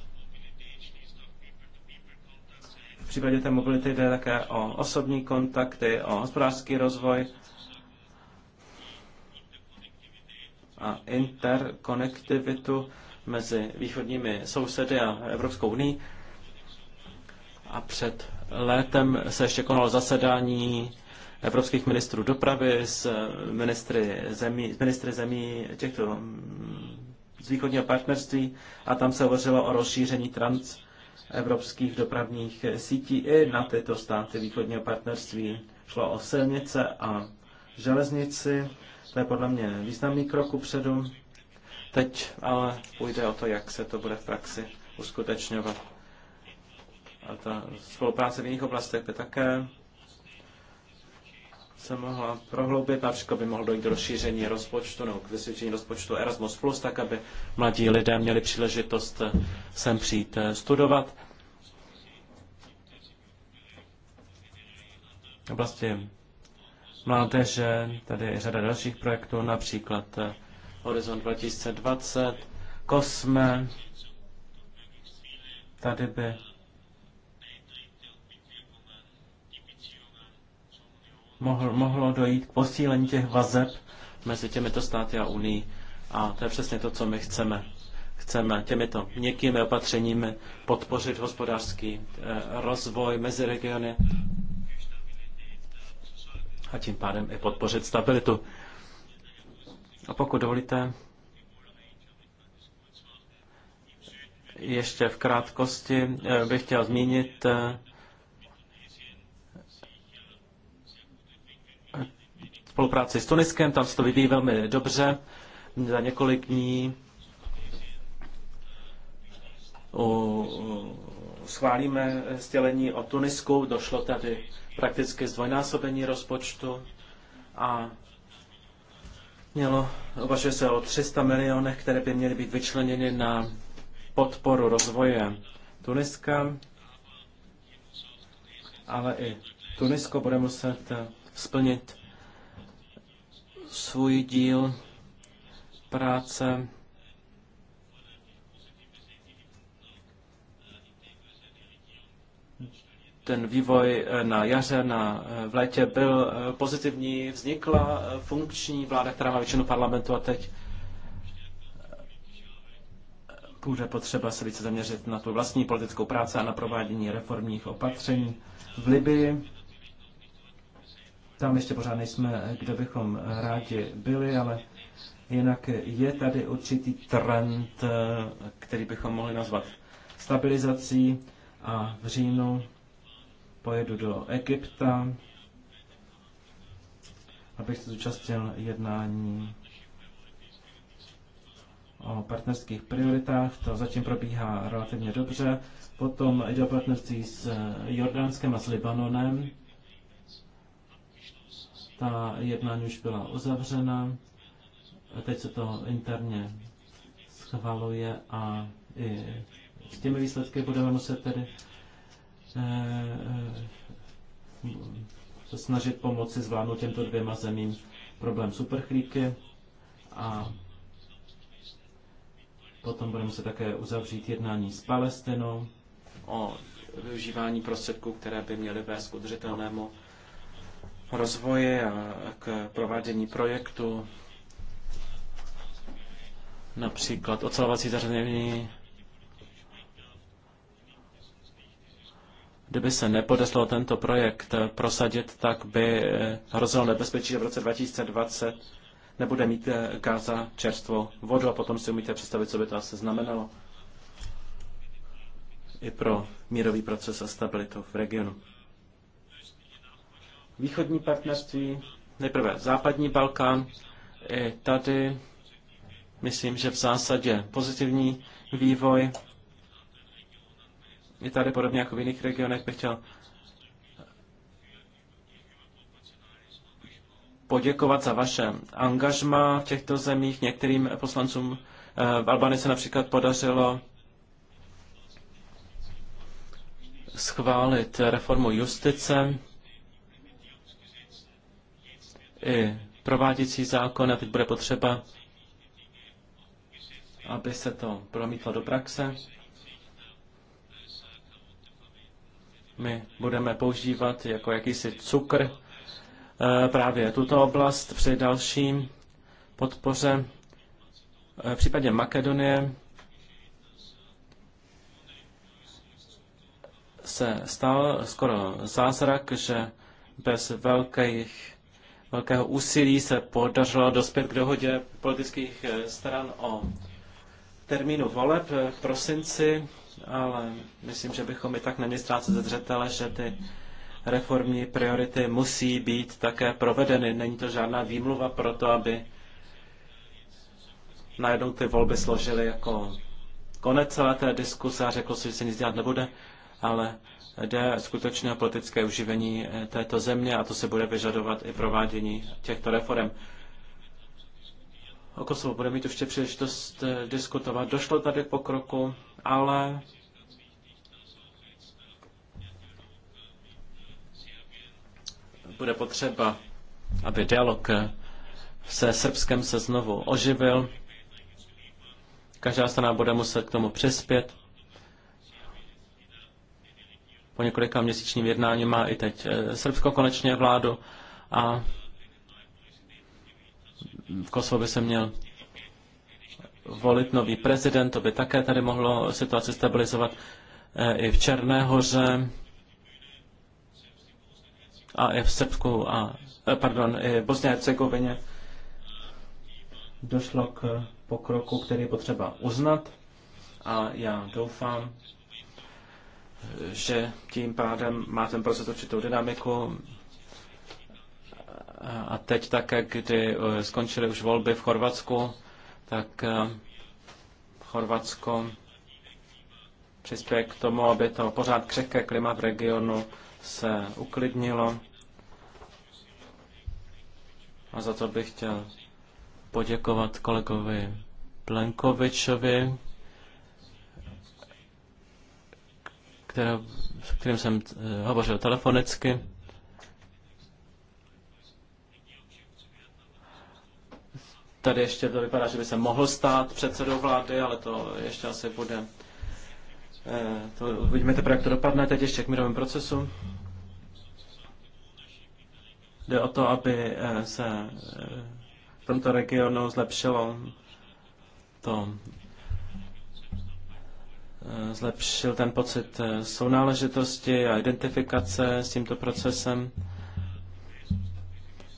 V případě té mobility jde také o osobní kontakty, o hospodářský rozvoj a interkonektivitu mezi východními sousedy a Evropskou unii. A před létem se ještě konalo zasedání evropských ministrů dopravy s ministry zemí, s ministry zemí těchto z východního partnerství a tam se hovořilo o rozšíření trans evropských dopravních sítí i na tyto státy východního partnerství. Šlo o silnice a železnici. To je podle mě významný krok upředu. Teď ale půjde o to, jak se to bude v praxi uskutečňovat. A ta spolupráce v jiných oblastech by také se mohla prohloubit, například by mohlo dojít do rozšíření rozpočtu nebo k vysvětlení rozpočtu Erasmus+, Plus, tak aby mladí lidé měli příležitost sem přijít eh, studovat. V oblasti mládeže, tady je řada dalších projektů, například eh, Horizon 2020, Kosme, tady by mohl, mohlo dojít k posílení těch vazeb mezi těmito státy a Unii. A to je přesně to, co my chceme. Chceme těmito měkkými opatřeními podpořit hospodářský eh, rozvoj mezi regiony a tím pádem i podpořit stabilitu. A pokud dovolíte, ještě v krátkosti eh, bych chtěl zmínit eh, spolupráci s Tuniskem, tam se to vyvíjí velmi dobře. Za několik dní schválíme sdělení o Tunisku, došlo tady prakticky zdvojnásobení rozpočtu a mělo, uvažuje se o 300 milionech, které by měly být vyčleněny na podporu rozvoje Tuniska, ale i Tunisko bude muset splnit svůj díl práce. Ten vývoj na jaře, na, eh, v létě byl eh, pozitivní, vznikla eh, funkční vláda, která má většinu parlamentu a teď bude potřeba se více zaměřit na tu vlastní politickou práci a na provádění reformních opatření v Libii tam ještě pořád nejsme, kde bychom rádi byli, ale jinak je tady určitý trend, eh, který bychom mohli nazvat stabilizací a v říjnu pojedu do Egypta, abych se zúčastnil jednání o partnerských prioritách. To zatím probíhá relativně dobře. Potom jde o partnerství s eh, Jordánskem a s Libanonem. Ta jednání už byla uzavřena, teď se to interně schvaluje a i s těmi výsledky budeme muset tedy se eh, eh, snažit pomoci zvládnout těmto dvěma zemím problém superchlíky a potom budeme se také uzavřít jednání s Palestinou o využívání prostředků, které by měly vést k udržitelnému rozvoje a k provádění projektu, například ocelovací zařízení. Kdyby se nepodeslo tento projekt prosadit, tak by eh, hrozilo nebezpečí, že v roce 2020 nebude mít eh, gaza, čerstvou vodu a potom si umíte představit, co by to asi znamenalo i pro mírový proces a stabilitu v regionu východní partnerství, nejprve západní Balkán. I tady myslím, že v zásadě pozitivní vývoj. I tady podobně jako v jiných regionech bych chtěl poděkovat za vaše angažma v těchto zemích. Některým poslancům eh, v Albánii se například podařilo schválit reformu justice i prováděcí zákon a teď bude potřeba, aby se to promítlo do praxe. My budeme používat jako jakýsi cukr eh, právě tuto oblast při dalším podpoře. Eh, v případě Makedonie se stal skoro zázrak, že bez velkých velkého úsilí se podařilo dospět k dohodě politických eh, stran o termínu voleb eh, v prosinci, ale myslím, že bychom i tak neměli ztrácet ze zřetele, že ty reformní priority musí být také provedeny. Není to žádná výmluva pro to, aby najednou ty volby složily jako konec celé té diskuse a řekl si, že se nic dělat nebude, ale jde skutečně o politické uživení eh, této země a to se bude vyžadovat i provádění těchto reform. O Kosovo bude mít ještě příležitost eh, diskutovat. Došlo tady k pokroku, ale bude potřeba, aby dialog eh, se Srbskem se znovu oživil. Každá strana bude muset k tomu přispět po několika měsíčním jednání má i teď eh, Srbsko konečně vládu a v Kosovo by se měl volit nový prezident, to by také tady mohlo situaci stabilizovat eh, i v Černé hoře a i v Srbsku a eh, pardon, i v Bosně a Hercegovině došlo k pokroku, který je potřeba uznat a já doufám, že tím pádem má ten proces určitou dynamiku. A teď také, kdy eh, skončily už volby v Chorvatsku, tak eh, Chorvatsko přispěje k tomu, aby to pořád křehké klima v regionu se uklidnilo. A za to bych chtěl poděkovat kolegovi Plenkovičovi která, s kterým jsem eh, hovořil telefonicky. Tady ještě to vypadá, že by se mohl stát předsedou vlády, ale to ještě asi bude. Eh, to uvidíme teprve, jak to dopadne teď ještě k mírovému procesu. Jde o to, aby eh, se v tomto regionu zlepšilo to Eh, zlepšil ten pocit eh, sounáležitosti a identifikace s tímto procesem.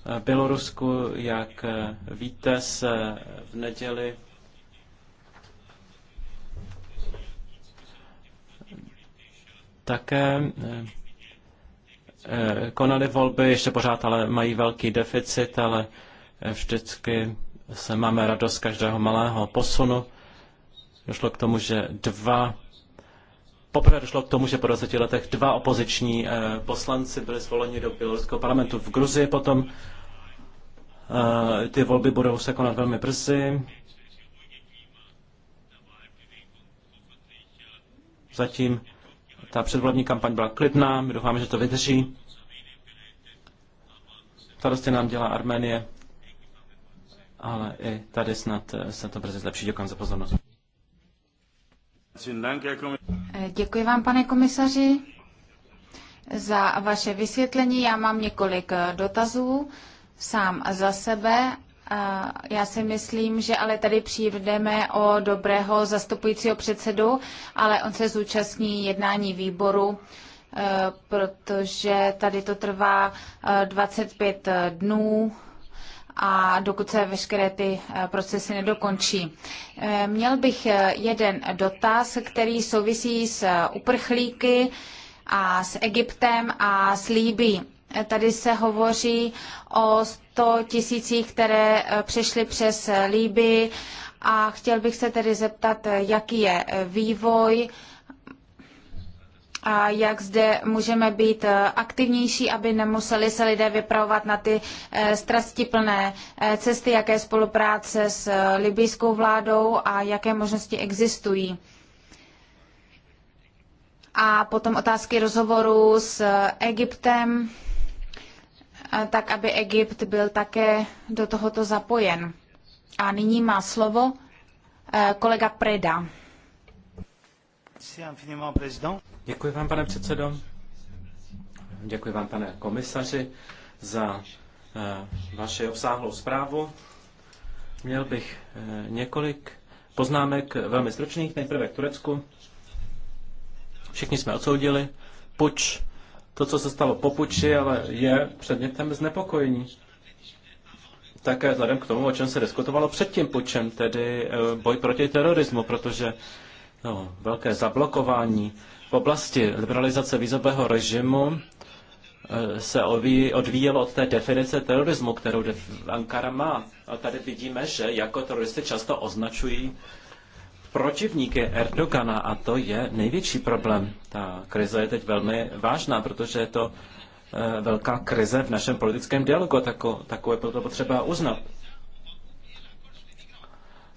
Eh, Bělorusku, jak víte, se v neděli také konaly volby, ještě pořád ale mají velký deficit, ale vždycky se máme radost každého malého posunu. Došlo k tomu, že dva Poprvé došlo k tomu, že po 20 letech dva opoziční eh, poslanci byli zvoleni do běloruského parlamentu v Gruzii. Potom eh, ty volby budou se konat velmi brzy. Zatím ta předvolební kampaň byla klidná, my doufáme, že to vydrží. Starosti nám dělá Arménie, ale i tady snad eh, se to brzy zlepší. Děkuji za pozornost. Děkuji vám, pane komisaři, za vaše vysvětlení. Já mám několik eh, dotazů sám za sebe. Já si myslím, že ale tady přijdeme o dobrého zastupujícího předsedu, ale on se zúčastní jednání výboru eh, protože tady to trvá 25 eh, dnů a dokud se veškeré ty eh, procesy nedokončí. Eh, měl bych eh, jeden dotaz, který souvisí s uprchlíky a s Egyptem a s Líbí. Tady se hovoří o 100 tisících, které přešly přes Líby a chtěl bych se tedy zeptat, jaký je vývoj a jak zde můžeme být eh, aktivnější, aby nemuseli se lidé vypravovat na ty eh, strastiplné eh, cesty, jaké spolupráce s libijskou vládou a jaké možnosti existují. A potom otázky rozhovoru s Egyptem, tak aby Egypt byl také do tohoto zapojen. A nyní má slovo kolega Preda. Děkuji vám, pane předsedo. Děkuji vám, pane komisaři, za eh, vaši obsáhlou zprávu. Měl bych eh, několik poznámek velmi stručných, nejprve k Turecku. Všichni jsme odsoudili puč, to, co se stalo po puči, ale je předmětem znepokojení. Také vzhledem k tomu, o čem se diskutovalo před tím pučem, tedy eh, boj proti terorismu, protože no, velké zablokování v oblasti liberalizace vízového režimu eh, se odvíjelo od té definice terorismu, kterou Ankara má. A tady vidíme, že jako teroristy často označují protivníky Erdogana a to je největší problém. Ta krize je teď velmi vážná, protože je to eh, velká krize v našem politickém dialogu, a takové proto potřeba uznat.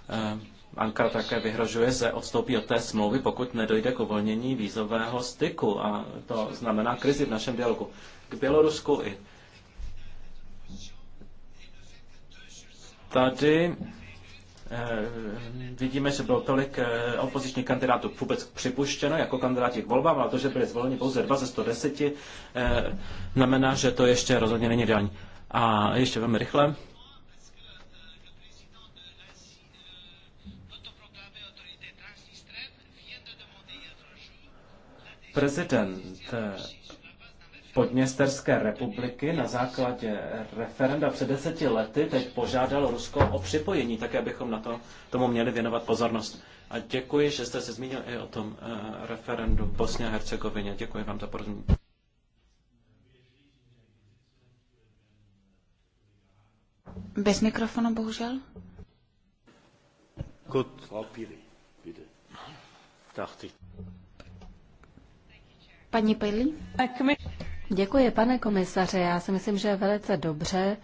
Eh, Ankara také vyhrožuje, že odstoupí od té smlouvy, pokud nedojde k uvolnění vízového styku. A to znamená krizi v našem dialogu. K Bělorusku i. Tady eh, vidíme, že bylo tolik eh, opozičních kandidátů vůbec připuštěno jako kandidáti k volbám, ale to, že byly zvoleni pouze 2 ze 110, eh, znamená, že to ještě rozhodně není ideální. A ještě velmi rychle prezident Podněsterské republiky na základě referenda před deseti lety teď požádal Rusko o připojení, tak abychom na to, tomu měli věnovat pozornost. A děkuji, že jste se zmínil i o tom eh, referendu v Bosně a Hercegovině. Děkuji vám za porozumění. Bez mikrofonu, bohužel. Gut, Frau Dachte ich. Paní Pejlí? Děkuji, pane komisaře. Já si myslím, že je velice dobře,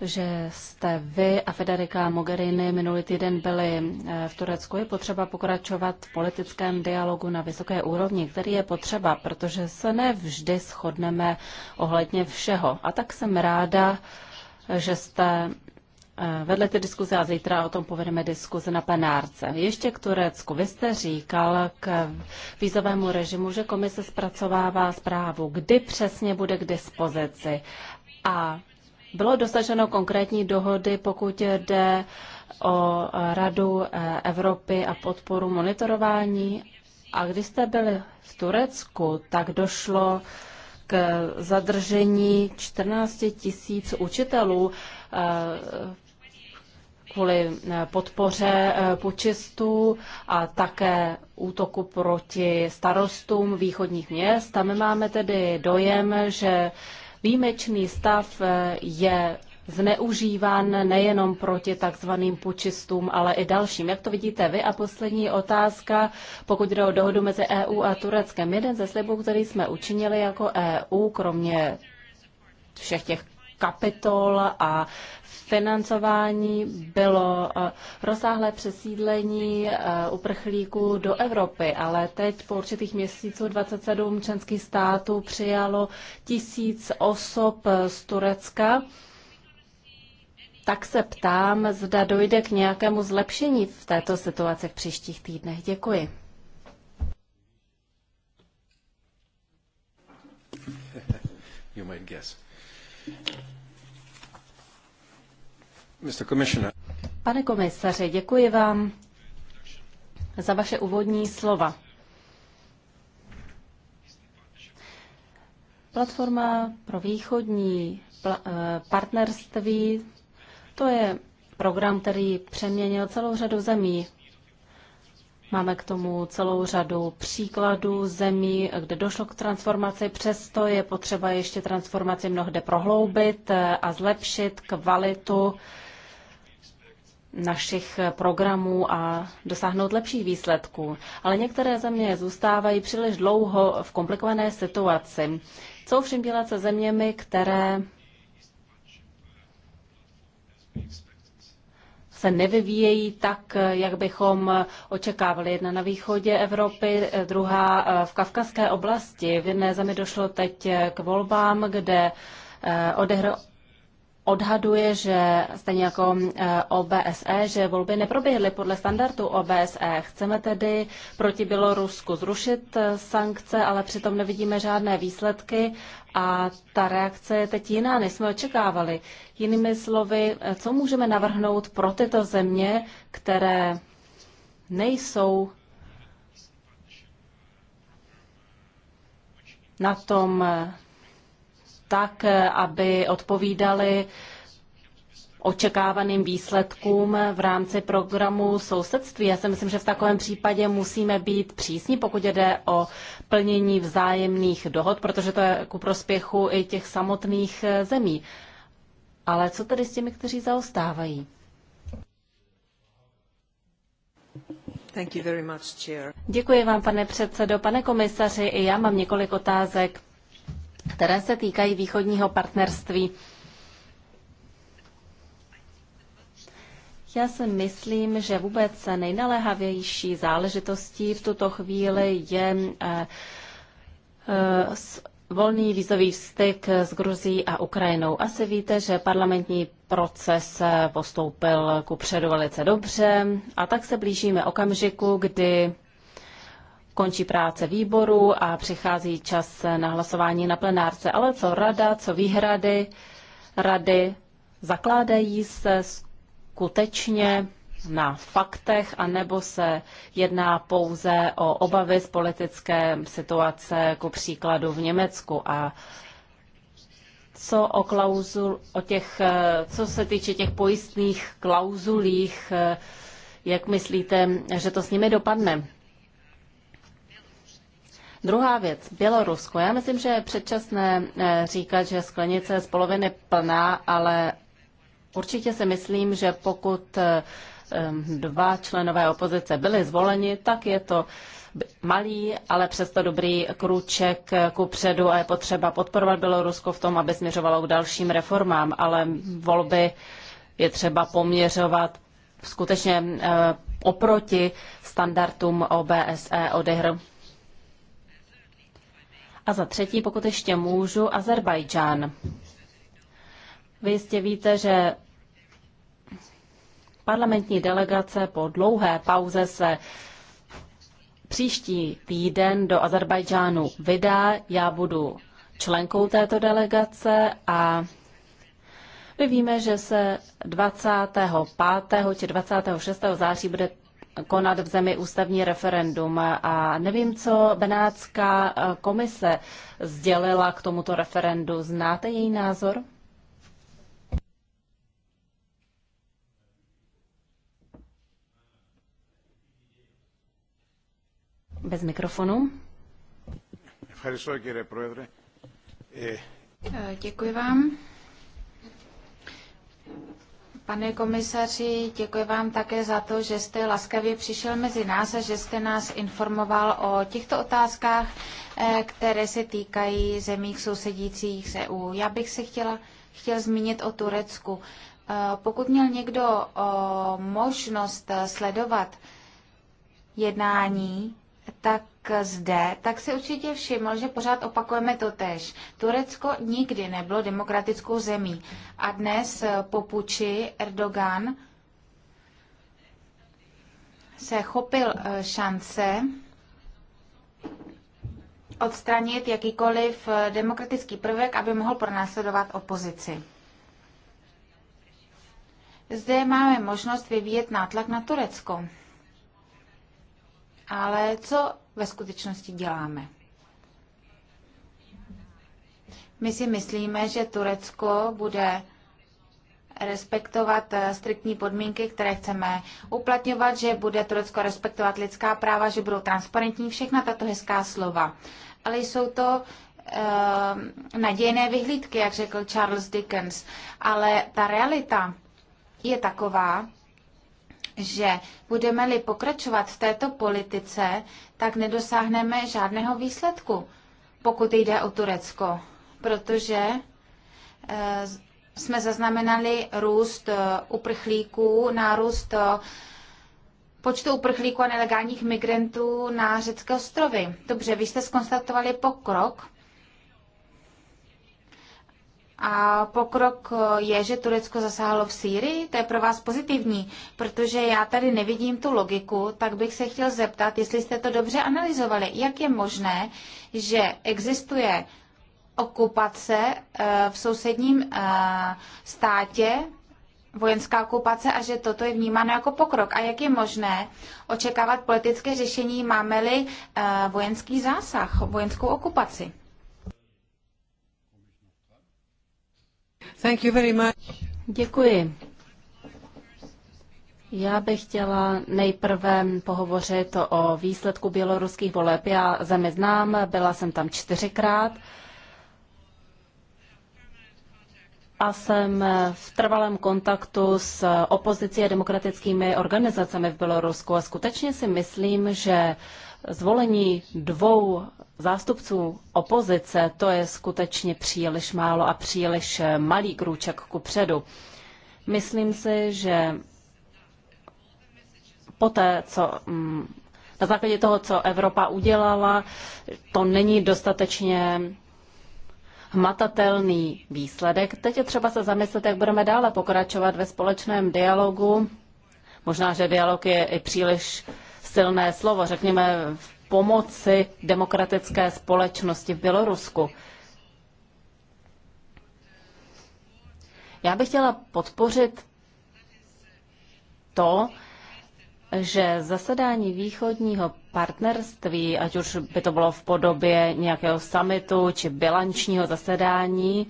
že jste vy a Federica Mogherini minulý týden byli eh, v Turecku. Je potřeba pokračovat v politickém dialogu na vysoké úrovni, který je potřeba, protože se nevždy shodneme ohledně všeho. A tak jsem ráda, že jste Eh, vedle té diskuze a zítra o tom povedeme diskuze na plenárce. Ještě k Turecku. Vy jste říkal k vízovému režimu, že komise zpracovává zprávu, kdy přesně bude k dispozici. A bylo dosaženo konkrétní dohody, pokud jde o Radu eh, Evropy a podporu monitorování. A když jste byli v Turecku, tak došlo k zadržení 14 tisíc učitelů eh, kvůli eh, podpoře eh, počistů a také útoku proti starostům východních měst. Tam máme tedy dojem, že výjimečný stav eh, je zneužíván nejenom proti takzvaným pučistům, ale i dalším. Jak to vidíte vy? A poslední otázka, pokud jde o dohodu mezi EU a Tureckem. Jeden ze slibů, který jsme učinili jako EU, kromě všech těch kapitol a financování bylo eh, rozsáhlé přesídlení eh, uprchlíků do Evropy, ale teď po určitých měsíců 27 členských států přijalo tisíc osob eh, z Turecka. Tak se ptám, zda dojde k nějakému zlepšení v této situaci v příštích týdnech. Děkuji. You might guess. Pane komisaři, děkuji vám za vaše úvodní slova. Platforma pro východní eh, partnerství, to je program, který přeměnil celou řadu zemí Máme k tomu celou řadu příkladů zemí, kde došlo k transformaci, přesto je potřeba ještě transformaci mnohde prohloubit a zlepšit kvalitu našich programů a dosáhnout lepších výsledků. Ale některé země zůstávají příliš dlouho v komplikované situaci. Co ovšem dělat se zeměmi, které se nevyvíjejí tak, jak bychom očekávali. Jedna na východě Evropy, druhá eh, v kavkazské oblasti. V jedné zemi došlo teď k volbám, kde eh, odhaduje, že stejně jako eh, OBSE, že volby neproběhly podle standardu OBSE. Chceme tedy proti Bělorusku zrušit eh, sankce, ale přitom nevidíme žádné výsledky a ta reakce je teď jiná, než jsme očekávali. Jinými slovy, eh, co můžeme navrhnout pro tyto země, které nejsou na tom tak, eh, aby odpovídali očekávaným výsledkům v rámci programu sousedství. Já si myslím, že v takovém případě musíme být přísní, pokud jde o plnění vzájemných dohod, protože to je ku prospěchu i těch samotných eh, zemí. Ale co tedy s těmi, kteří zaostávají? Děkuji vám, pane předsedo. Pane komisaři, i já mám několik otázek které se týkají východního partnerství. Já si myslím, že vůbec nejnaléhavější záležitostí v tuto chvíli je eh, eh, volný vízový styk s Gruzí a Ukrajinou. Asi víte, že parlamentní proces eh, postoupil ku předu velice dobře a tak se blížíme okamžiku, kdy končí práce výboru a přichází čas na hlasování na plenárce. Ale co rada, co výhrady, rady zakládají se skutečně na faktech, anebo se jedná pouze o obavy z politické situace, ku příkladu v Německu a co o klauzul, o těch, co se týče těch pojistných klauzulích, jak myslíte, že to s nimi dopadne? Druhá věc, Bělorusko. Já myslím, že je předčasné eh, říkat, že sklenice je z poloviny plná, ale určitě si myslím, že pokud eh, eh, dva členové opozice byly zvoleni, tak je to malý, ale přesto dobrý krůček ku předu a je potřeba podporovat Bělorusko v tom, aby směřovalo k dalším reformám, ale volby je třeba poměřovat skutečně oproti standardům OBSE odehr. A za třetí, pokud ještě můžu, Azerbajdžán. Vy jistě víte, že parlamentní delegace po dlouhé pauze se příští týden do Azerbajdžánu vydá. Já budu členkou této delegace a my víme, že se 25. či 26. září bude konat v zemi ústavní referendum. A nevím, co Benátská eh, komise sdělila k tomuto referendu. Znáte její názor? Bez mikrofonu. Děkuji vám. Pane komisaři, děkuji vám také za to, že jste laskavě přišel mezi nás a že jste nás informoval o těchto otázkách, eh, které se týkají zemí sousedících z EU. Já bych se chtěla chtěl zmínit o Turecku. Eh, pokud měl někdo eh, možnost sledovat jednání tak zde, tak si určitě všiml, že pořád opakujeme to tež. Turecko nikdy nebylo demokratickou zemí. A dnes eh, po puči Erdogan se chopil eh, šance odstranit jakýkoliv eh, demokratický prvek, aby mohl pronásledovat opozici. Zde máme možnost vyvíjet nátlak na Turecko. Ale co ve skutečnosti děláme? My si myslíme, že Turecko bude respektovat eh, striktní podmínky, které chceme uplatňovat, že bude Turecko respektovat lidská práva, že budou transparentní, všechna tato hezká slova. Ale jsou to uh, nadějné vyhlídky, jak řekl Charles Dickens. Ale ta realita je taková, že budeme-li pokračovat v této politice, tak nedosáhneme žádného výsledku, pokud jde o Turecko, protože eh, jsme zaznamenali růst eh, uprchlíků, nárůst eh, počtu uprchlíků a nelegálních migrantů na řecké ostrovy. Dobře, vy jste skonstatovali pokrok, a pokrok je, že Turecko zasáhlo v Sýrii, to je pro vás pozitivní, protože já tady nevidím tu logiku, tak bych se chtěl zeptat, jestli jste to dobře analyzovali, jak je možné, že existuje okupace eh, v sousedním eh, státě, vojenská okupace a že toto je vnímáno jako pokrok. A jak je možné očekávat politické řešení, máme-li eh, vojenský zásah, vojenskou okupaci? Děkuji. Já bych chtěla nejprve pohovořit o výsledku běloruských voleb. Já zemi znám, byla jsem tam čtyřikrát a jsem v trvalém kontaktu s opozicí a demokratickými organizacemi v Bělorusku a skutečně si myslím, že zvolení dvou zástupců opozice, to je skutečně příliš málo a příliš eh, malý krůček ku předu. Myslím si, že poté, co mm, na základě toho, co Evropa udělala, to není dostatečně hmatatelný výsledek. Teď je třeba se zamyslet, jak budeme dále pokračovat ve společném dialogu. Možná, že dialog je i příliš silné slovo. Řekněme, v pomoci demokratické společnosti v Bělorusku. Já bych chtěla podpořit to, že zasedání východního partnerství, ať už by to bylo v podobě nějakého summitu či bilančního zasedání,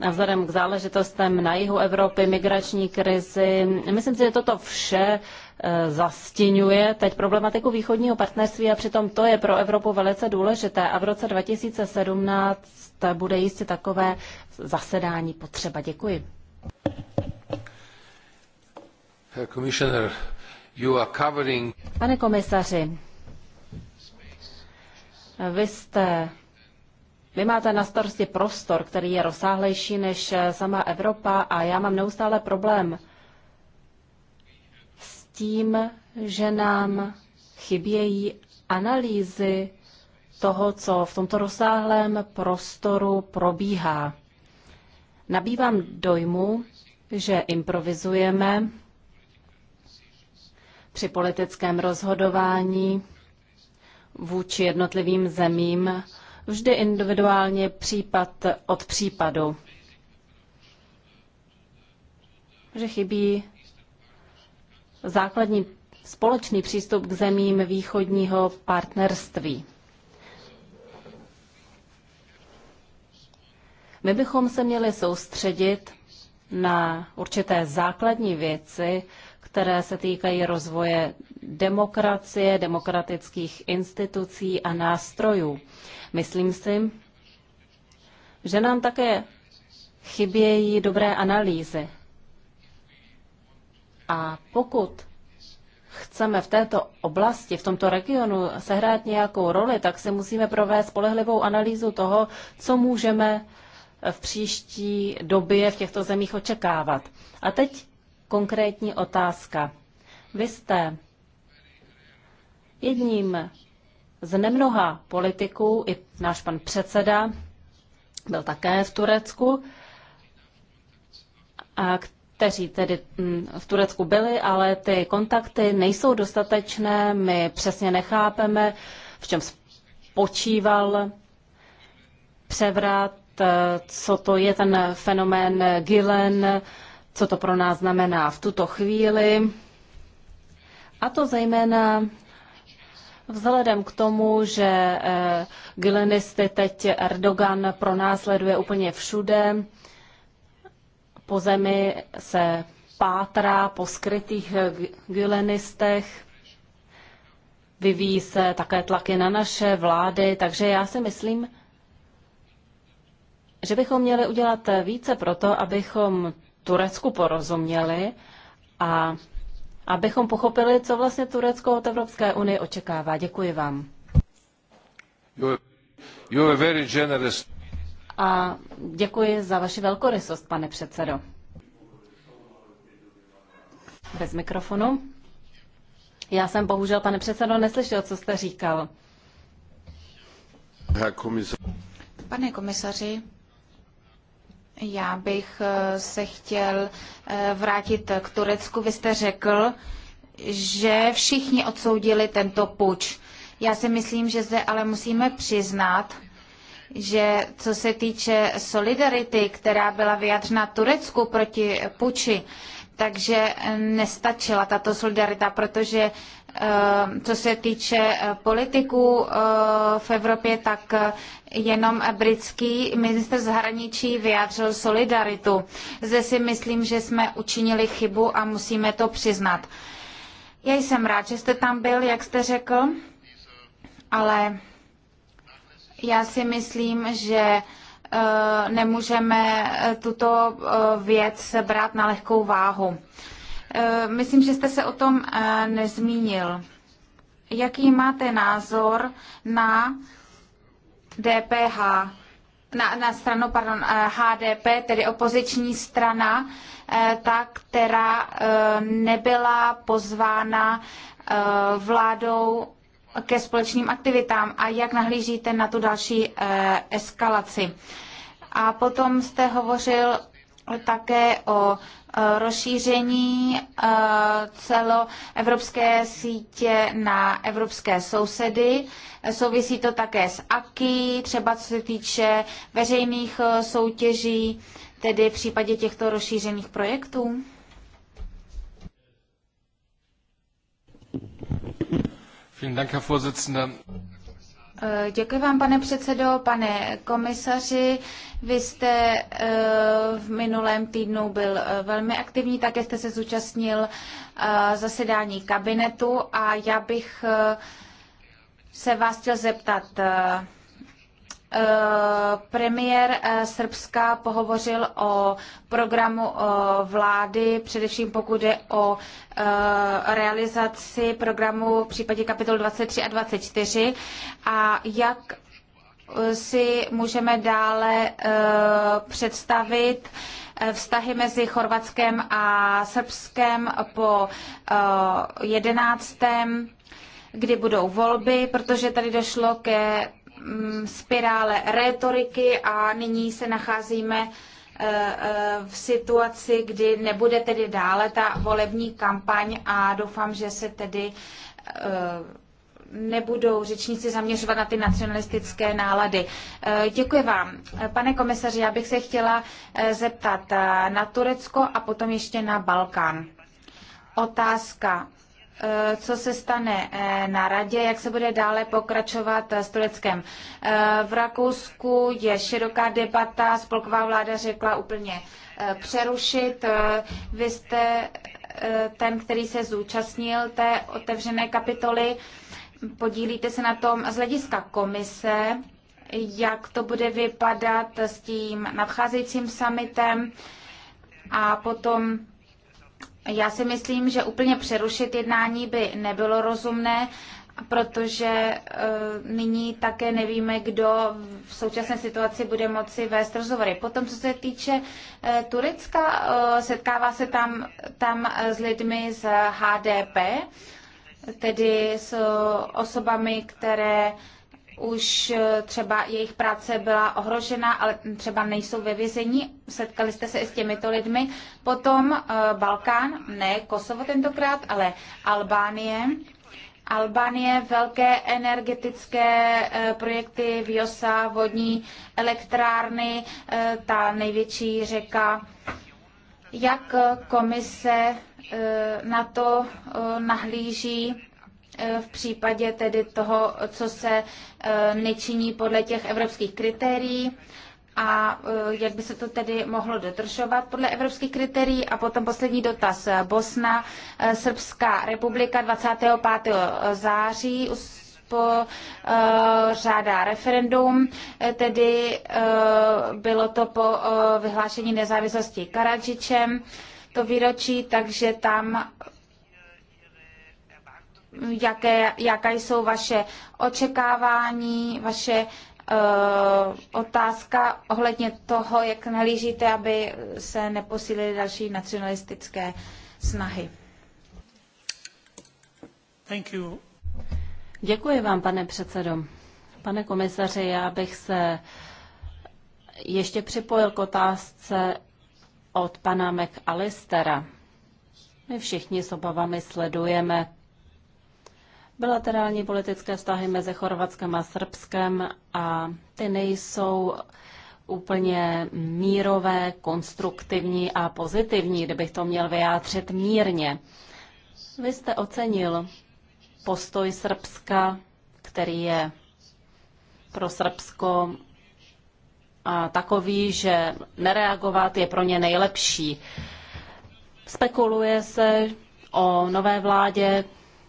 a vzhledem k záležitostem na jihu Evropy, migrační krizi. Myslím si, že toto vše e, zastínuje teď problematiku východního partnerství a přitom to je pro Evropu velice důležité a v roce 2017 bude jistě takové zasedání potřeba. Děkuji. Pane komisaři, vy jste vy máte na starosti prostor, který je rozsáhlejší než eh, sama Evropa a já mám neustále problém s tím, že nám chybějí analýzy toho, co v tomto rozsáhlém prostoru probíhá. Nabývám dojmu, že improvizujeme při politickém rozhodování vůči jednotlivým zemím vždy individuálně případ od případu. Že chybí základní společný přístup k zemím východního partnerství. My bychom se měli soustředit na určité základní věci, které se týkají rozvoje demokracie, demokratických institucí a nástrojů. Myslím si, že nám také chybějí dobré analýzy. A pokud chceme v této oblasti, v tomto regionu sehrát nějakou roli, tak si musíme provést spolehlivou analýzu toho, co můžeme v příští době v těchto zemích očekávat. A teď konkrétní otázka. Vy jste jedním z nemnoha politiků, i náš pan předseda byl také v Turecku, a kteří tedy mm, v Turecku byli, ale ty kontakty nejsou dostatečné, my přesně nechápeme, v čem spočíval převrat, e, co to je ten fenomén Gilen, co to pro nás znamená v tuto chvíli. A to zejména Vzhledem k tomu, že eh, gilenisty teď Erdogan pronásleduje úplně všude, po zemi se pátrá po skrytých gilenistech, vyvíjí se také tlaky na naše vlády, takže já si myslím, že bychom měli udělat více pro to, abychom Turecku porozuměli a abychom pochopili, co vlastně Turecko od Evropské unie očekává. Děkuji vám. A děkuji za vaši velkorysost, pane předsedo. Bez mikrofonu. Já jsem bohužel, pane předsedo, neslyšel, co jste říkal. Pane komisaři, já bych eh, se chtěl eh, vrátit k Turecku. Vy jste řekl, že všichni odsoudili tento puč. Já si myslím, že zde ale musíme přiznat, že co se týče solidarity, která byla vyjádřena Turecku proti puči, takže nestačila tato solidarita, protože Eh, co se týče eh, politiků eh, v Evropě, tak jenom britský minister zahraničí vyjádřil solidaritu. Zde si myslím, že jsme učinili chybu a musíme to přiznat. Já jsem rád, že jste tam byl, jak jste řekl, ale já si myslím, že nemůžeme tuto věc brát na lehkou váhu. Eh, myslím, že jste se o tom eh, nezmínil. Jaký máte názor na DPH, na, na stranu, pardon, HDP, eh, tedy opoziční strana, ta, která nebyla pozvána vládou ke společným aktivitám a jak nahlížíte na tu další eskalaci. A potom jste hovořil také o Eh, rozšíření eh, celoevropské sítě na evropské sousedy. Eh, souvisí to také s AKI, třeba co se týče veřejných soutěží, tedy v případě těchto rozšířených projektů? Vielen Dank, Herr Vorsitzender. Eh, děkuji vám, pane předsedo, pane komisaři. Vy jste eh, v minulém týdnu byl eh, velmi aktivní, také jste se zúčastnil zasedání kabinetu a já bych se vás chtěl zeptat, Eh, premiér eh, Srbska pohovořil o programu eh, vlády, především pokud je o realizaci programu v případě kapitol 23 a 24 a jak si můžeme dále představit vztahy mezi Chorvatskem a Srbskem po 11 kdy budou volby, protože tady došlo ke Mm, spirále rétoriky a nyní se nacházíme eh, eh, v situaci, kdy nebude tedy dále ta volební kampaň a doufám, že se tedy eh, nebudou řečníci zaměřovat na ty nacionalistické nálady. Děkuji vám. Pane komisaři, já bych se chtěla zeptat na Turecko a potom ještě na Balkán. Otázka Eh, co se stane eh, na radě, jak se bude dále pokračovat eh, s Tureckem. V Rakousku je široká debata, spolková vláda řekla úplně přerušit. Vy jste ten, který se zúčastnil té otevřené kapitoly. Podílíte se na tom z hlediska komise, jak to bude vypadat s tím nadcházejícím summitem a potom já si myslím, že úplně přerušit jednání by nebylo rozumné, protože e, nyní také nevíme, kdo v současné situaci bude moci vést rozhovory. Potom, co se týče e, Turecka, e, setkává se tam, tam s lidmi z HDP, tedy s osobami, které už eh, třeba jejich práce byla ohrožena, ale třeba nejsou ve vězení. Setkali jste se i s těmito lidmi. Potom eh, Balkán, ne Kosovo tentokrát, ale Albánie. Albánie, velké energetické eh, projekty, Viosa, vodní elektrárny, ta největší řeka. Jak komise na to nahlíží? E, v případě tedy toho, co se e, nečiní podle těch evropských kritérií a e, jak by se to tedy mohlo dodržovat podle evropských kritérií. A potom poslední dotaz. Bosna, Srbská republika 25. září po řádá referendum, tedy bylo to po vyhlášení nezávislosti Karadžičem, to výročí, takže tam jaké, jaké jsou vaše očekávání, vaše uh, otázka ohledně toho, jak nalížíte, aby se neposílily další nacionalistické snahy. Thank you. Děkuji vám, pane předsedo. Pane komisaři, já bych se ještě připojil k otázce od pana McAllistera. My všichni s obavami sledujeme bilaterální politické vztahy mezi Chorvatskem a Srbskem a ty nejsou úplně mírové, konstruktivní a pozitivní, kdybych to měl vyjádřit mírně. Vy jste ocenil postoj Srbska, který je pro Srbsko takový, že nereagovat je pro ně nejlepší. Spekuluje se o nové vládě,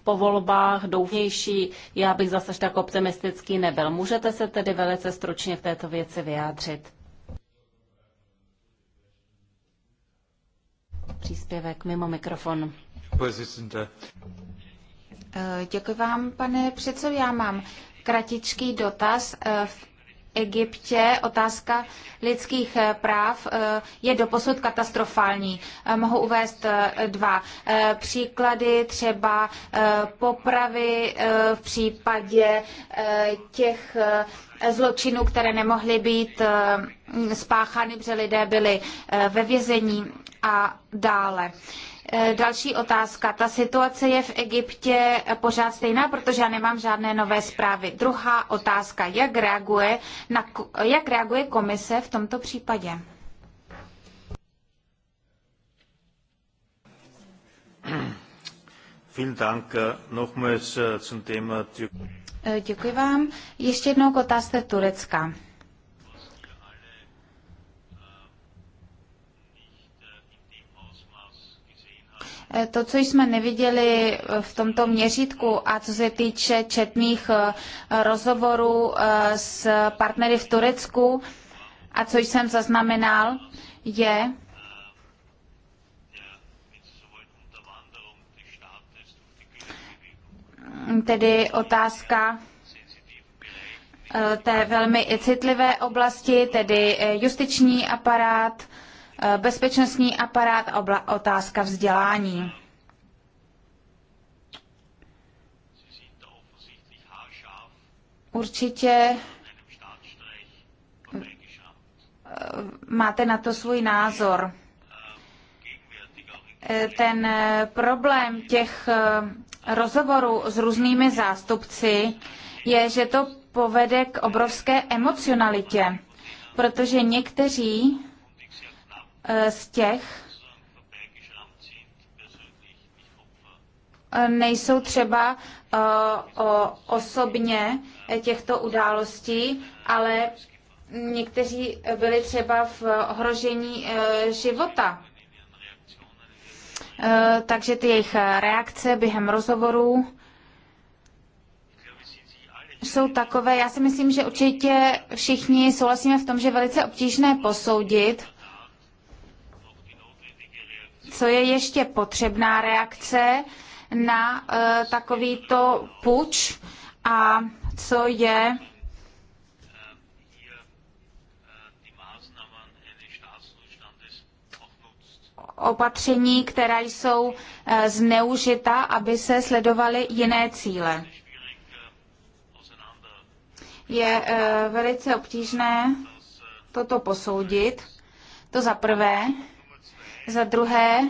po volbách doufnější. Já bych zase tak optimistický nebyl. Můžete se tedy velice stručně v této věci vyjádřit. Příspěvek mimo mikrofon. Eh, děkuji vám, pane předsedo. Já mám kratičký dotaz. Eh, v Egyptě otázka lidských eh, práv eh, je doposud katastrofální. Eh, mohu uvést dva příklady, třeba popravy v případě těch zločinů, které nemohly být spáchány, protože lidé byli ve vězení a dále. Eh, další otázka. Ta situace je v Egyptě pořád stejná, protože já nemám žádné nové zprávy. Druhá otázka. Jak reaguje, na, jak reaguje komise v tomto případě? Äh, eh, děkuji vám. Ještě jednou k otázce Turecka. Eh, to, co jsme neviděli eh, v tomto měřítku a co se týče četných eh, rozhovorů s partnery v Turecku a co jsem zaznamenal, je, mm, tedy otázka té velmi citlivé oblasti, tedy justiční aparát, bezpečnostní aparát a otázka vzdělání. Určitě máte na to svůj názor. Ten problém těch eh, rozhovorů s různými zástupci je, že to povede k obrovské emocionalitě, protože někteří Eh, z těch eh, nejsou třeba eh, osobně těchto událostí, ale někteří byli třeba v ohrožení života. Takže ty jejich reakce během rozhovorů jsou takové, já si myslím, že určitě všichni souhlasíme v tom, že je velice obtížné posoudit, co je ještě potřebná reakce na e, takovýto puč a co je opatření, která jsou e, zneužita, aby se sledovaly jiné cíle. Je e, velice obtížné toto posoudit. To za prvé. Za druhé,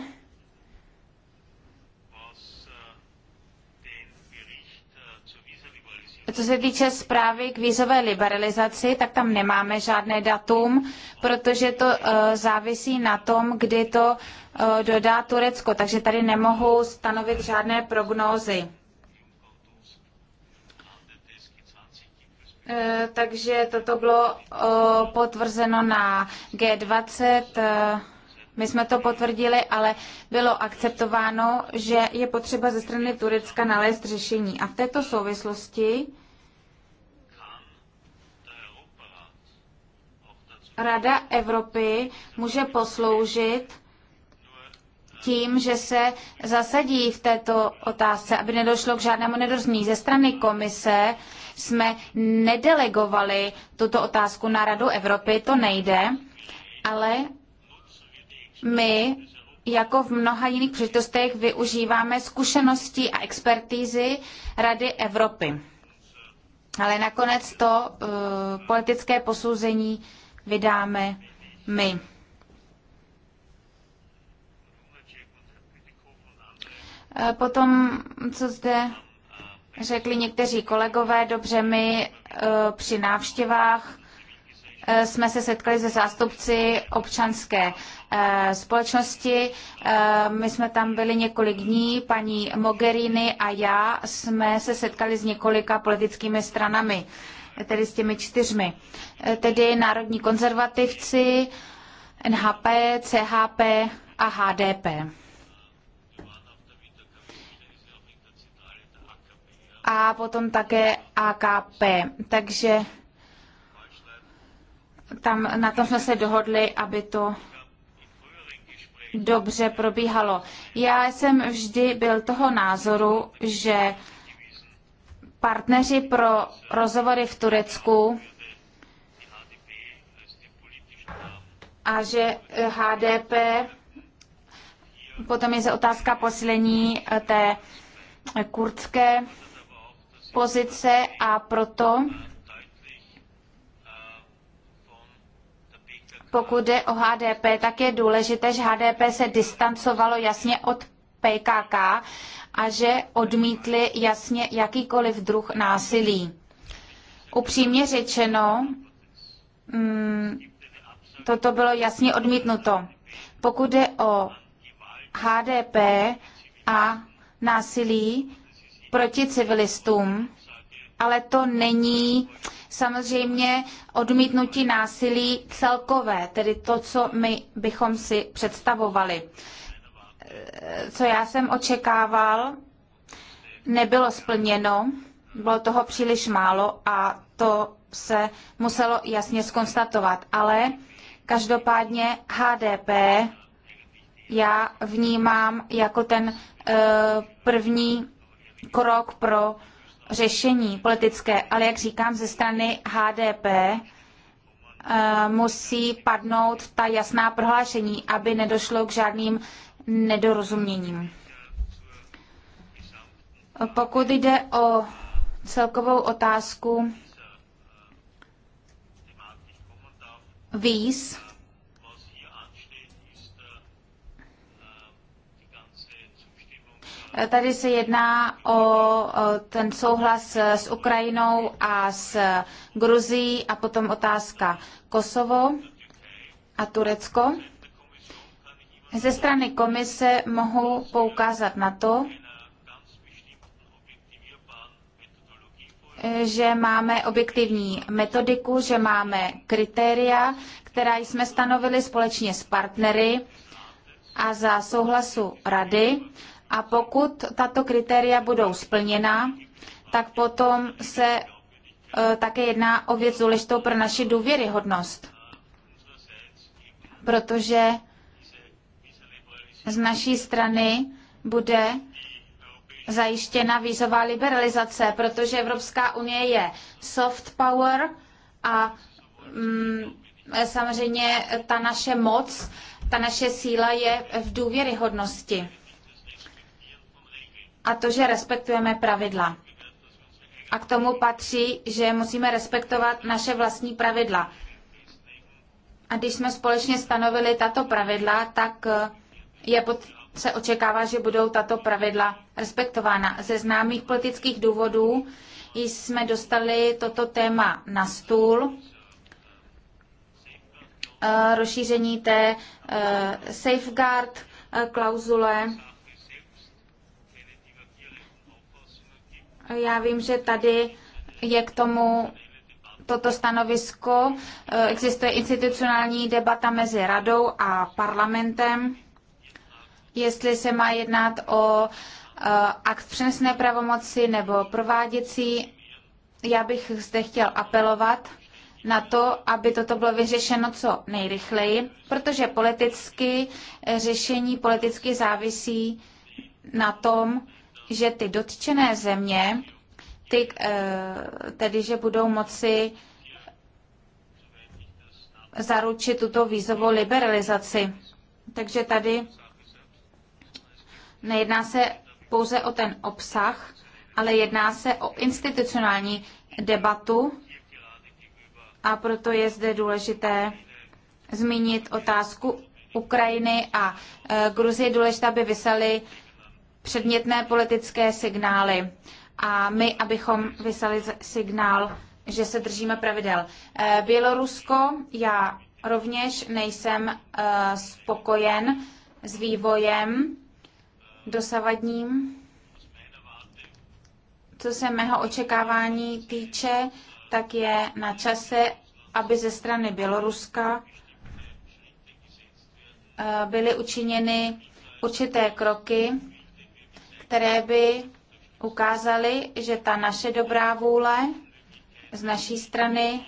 Co se týče zprávy k vízové liberalizaci, tak tam nemáme žádné datum, protože to eh, závisí na tom, kdy to eh, dodá Turecko, takže tady nemohu stanovit žádné prognózy. Eh, takže toto bylo potvrzeno na G20 my jsme to potvrdili, ale bylo akceptováno, že je potřeba ze strany Turecka nalézt řešení. A v této souvislosti Rada Evropy může posloužit tím, že se zasadí v této otázce, aby nedošlo k žádnému nedorozumění. Ze strany komise jsme nedelegovali tuto otázku na Radu Evropy, to nejde, ale my jako v mnoha jiných příležitostech využíváme zkušenosti a expertízy Rady Evropy. Ale nakonec to uh, politické posouzení vydáme my. Eh, potom, co zde řekli někteří kolegové, dobře, my eh, při návštěvách Eh, jsme se setkali se zástupci občanské eh, společnosti. Eh, my jsme tam byli několik dní, paní Mogherini a já jsme se setkali s několika politickými stranami, tedy s těmi čtyřmi. Tedy národní konzervativci, NHP, CHP a HDP. A potom také AKP. Takže tam na tom jsme se dohodli, aby to dobře probíhalo. Já jsem vždy byl toho názoru, že partneři pro rozhovory v Turecku a že HDP, potom je otázka poslední té kurdské pozice a proto pokud jde o HDP, tak je důležité, že HDP se distancovalo jasně od PKK a že odmítli jasně jakýkoliv druh násilí. Upřímně řečeno, mm, toto bylo jasně odmítnuto. Pokud jde o HDP a násilí proti civilistům, ale to není uh, samozřejmě odmítnutí násilí celkové, tedy to, co my bychom si představovali. Co já jsem očekával, nebylo splněno, bylo toho příliš málo a to se muselo jasně skonstatovat. Ale každopádně HDP já vnímám jako ten eh, první krok pro řešení politické, ale jak říkám, ze strany HDP eh, musí padnout ta jasná prohlášení, aby nedošlo k žádným nedorozuměním. Pokud jde o celkovou otázku víz, Tady se jedná o ten souhlas s Ukrajinou a s Gruzií a potom otázka Kosovo a Turecko. Ze strany komise mohu poukázat na to, že máme objektivní metodiku, že máme kritéria, která jsme stanovili společně s partnery a za souhlasu rady a pokud tato kritéria budou splněna, tak potom se e, také jedná o věc důležitou pro naši důvěryhodnost. Protože z naší strany bude zajištěna vízová liberalizace, protože Evropská unie je soft power a mm, samozřejmě ta naše moc, ta naše síla je v důvěryhodnosti a to, že respektujeme pravidla. A k tomu patří, že musíme respektovat naše vlastní pravidla. A když jsme společně stanovili tato pravidla, tak eh, je pod, se očekává, že budou tato pravidla respektována. Ze známých politických důvodů jsme dostali toto téma na stůl. Eh, rozšíření té eh, safeguard klauzule Já vím, že tady je k tomu toto stanovisko. Existuje institucionální debata mezi radou a parlamentem, jestli se má jednat o eh, akt přenesné pravomoci nebo prováděcí. Já bych zde chtěl apelovat na to, aby toto bylo vyřešeno co nejrychleji, protože politicky eh, řešení politicky závisí na tom, že ty dotčené země, ty, eh, tedy že budou moci zaručit tuto vízovou liberalizaci. Takže tady nejedná se pouze o ten obsah, ale jedná se o institucionální debatu a proto je zde důležité zmínit otázku Ukrajiny a eh, Gruzie je důležité, aby vyslali předmětné politické signály a my, abychom vyslali signál, že se držíme pravidel. Eh, Bělorusko, já rovněž nejsem eh, spokojen s vývojem dosavadním. Co se mého očekávání týče, tak je na čase, aby ze strany Běloruska eh, byly učiněny určité kroky, které by ukázaly, že ta naše dobrá vůle z naší strany,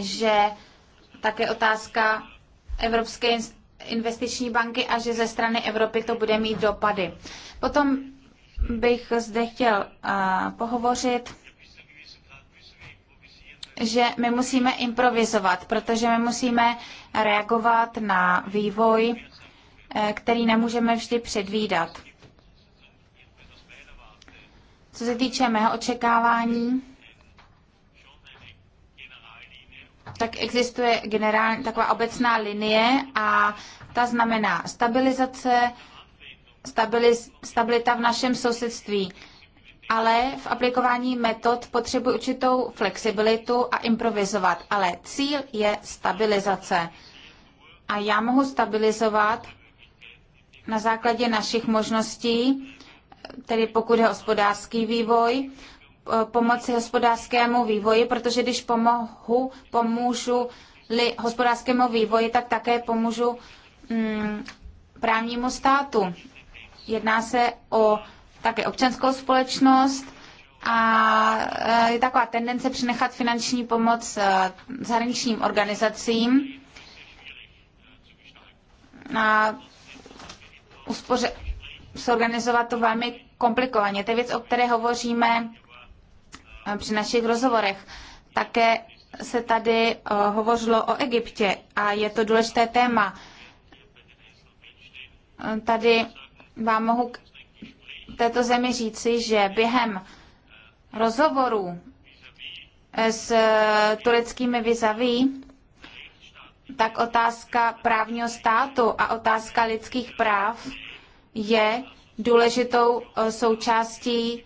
že také otázka Evropské investiční banky a že ze strany Evropy to bude mít dopady. Potom bych zde chtěl uh, pohovořit, že my musíme improvizovat, protože my musíme reagovat na vývoj Eh, který nemůžeme vždy předvídat. Co se týče mého očekávání, tak existuje generální, taková obecná linie a ta znamená stabilizace, stabiliz, stabilita v našem sousedství. Ale v aplikování metod potřebuje určitou flexibilitu a improvizovat. Ale cíl je stabilizace. A já mohu stabilizovat na základě našich možností, tedy pokud je hospodářský vývoj, pomoci hospodářskému vývoji, protože když pomohu, pomůžu li hospodářskému vývoji, tak také pomůžu mm, právnímu státu. Jedná se o také občanskou společnost a e, je taková tendence přinechat finanční pomoc e, zahraničním organizacím. A uspoře- zorganizovat to velmi komplikovaně. To je věc, o které hovoříme eh, při našich rozhovorech. Také se tady eh, hovořilo o Egyptě a je to důležité téma. Eh, tady vám mohu k této zemi říci, že během rozhovorů s tureckými vizaví tak otázka právního státu a otázka lidských práv je důležitou eh, součástí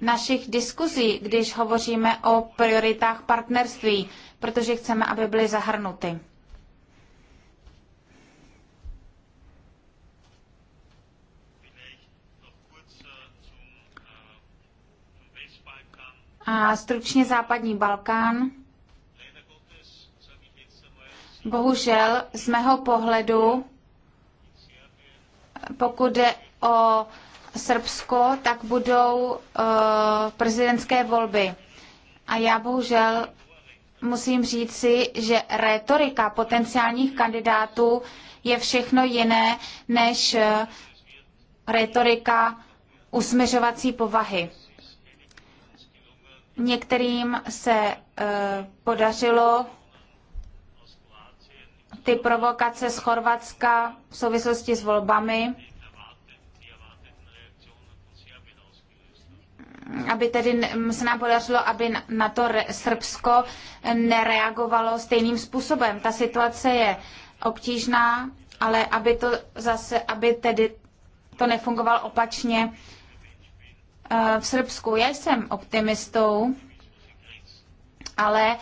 našich diskuzí, když hovoříme o prioritách partnerství, protože chceme, aby byly zahrnuty. A stručně západní Balkán. Bohužel z mého pohledu, pokud jde o Srbsko, tak budou uh, prezidentské volby. A já bohužel musím říci, že retorika potenciálních kandidátů je všechno jiné než eh, retorika usměřovací povahy. Některým se eh, podařilo ty provokace z Chorvatska v souvislosti s volbami, aby tedy se nám podařilo, aby na to Srbsko nereagovalo stejným způsobem. Ta situace je obtížná, ale aby to zase, aby tedy to nefungovalo opačně eh, v Srbsku. Já jsem optimistou, ale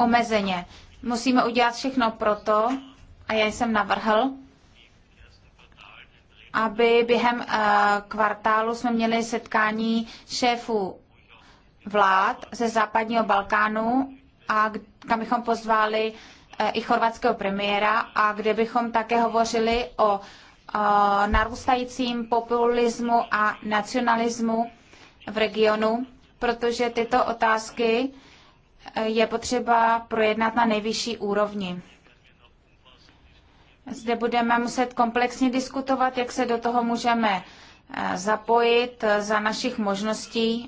omezeně. Musíme udělat všechno proto, a já jsem navrhl, aby během eh, kvartálu jsme měli setkání šéfů vlád ze západního Balkánu a kam bychom pozvali eh, i chorvatského premiéra a kde bychom také hovořili o eh, narůstajícím populismu a nacionalismu v regionu, protože tyto otázky je potřeba projednat na nejvyšší úrovni. Zde budeme muset komplexně diskutovat, jak se do toho můžeme eh, zapojit eh, za našich možností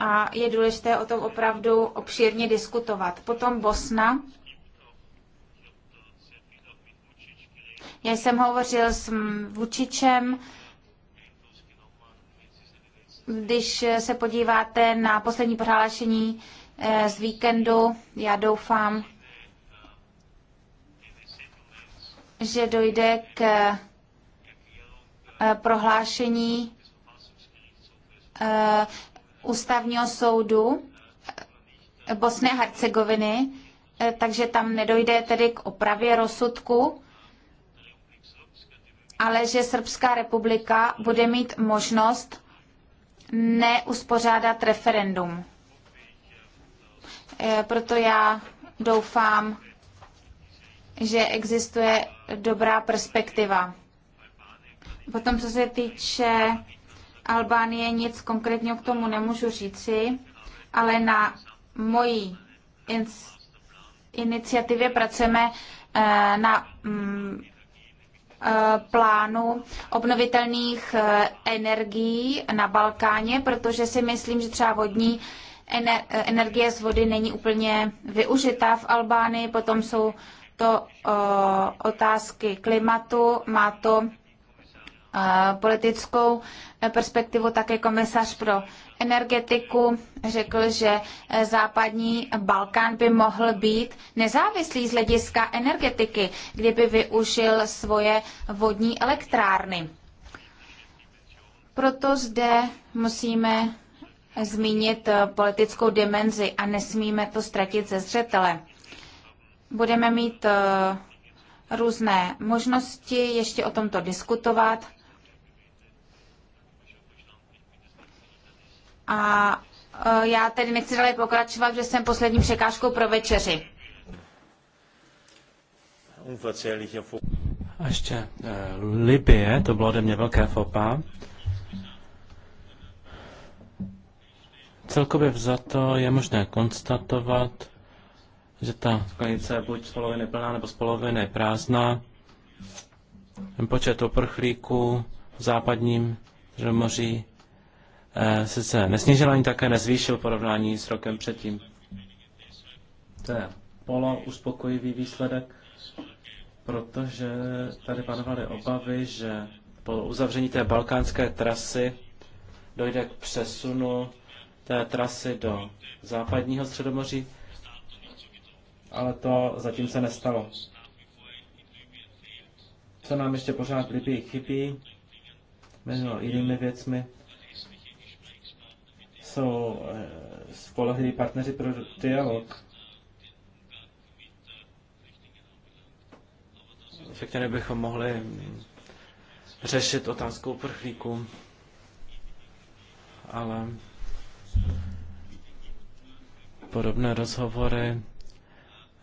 a je důležité o tom opravdu obšírně diskutovat. Potom Bosna. Já jsem hovořil s Vučičem, když se podíváte na poslední prohlášení eh, z víkendu, já doufám, že dojde k eh, prohlášení eh, ústavního soudu Bosny a Hercegoviny, takže tam nedojde tedy k opravě rozsudku, ale že Srbská republika bude mít možnost neuspořádat referendum. E, proto já doufám, že existuje dobrá perspektiva. Potom, co se týče Albánie, nic konkrétně k tomu nemůžu říci, ale na mojí iniciativě pracujeme e, na mm, Eh, plánu obnovitelných eh, energií na Balkáně, protože si myslím, že třeba vodní eh, energie z vody není úplně využitá v Albánii. Potom jsou to otázky klimatu, má to politickou perspektivu také komisař pro energetiku řekl, že eh, západní Balkán by mohl být nezávislý z hlediska energetiky, kdyby využil svoje vodní elektrárny. Proto zde musíme zmínit eh, politickou dimenzi a nesmíme to ztratit ze zřetele. Budeme mít eh, různé možnosti ještě o tomto diskutovat A e, já tedy nechci dále pokračovat, že jsem poslední překážkou pro večeři. A ještě uh, Libie, to bylo ode mě velké fopa. Celkově vzato je možné konstatovat, že ta sklenice je buď z poloviny plná nebo z poloviny prázdná. Počet uprchlíků v západním moří Eh, sice nesnížil ani také nezvýšil porovnání s rokem předtím. To je polo uspokojivý výsledek, protože tady panovaly obavy, že po uzavření té balkánské trasy dojde k přesunu té trasy do západního středomoří, ale to zatím se nestalo. Co nám ještě pořád v Libii chybí, mezi jinými věcmi, jsou eh, spolehliví partneři pro dialog, se kterými bychom mohli řešit otázku uprchlíků. Ale podobné rozhovory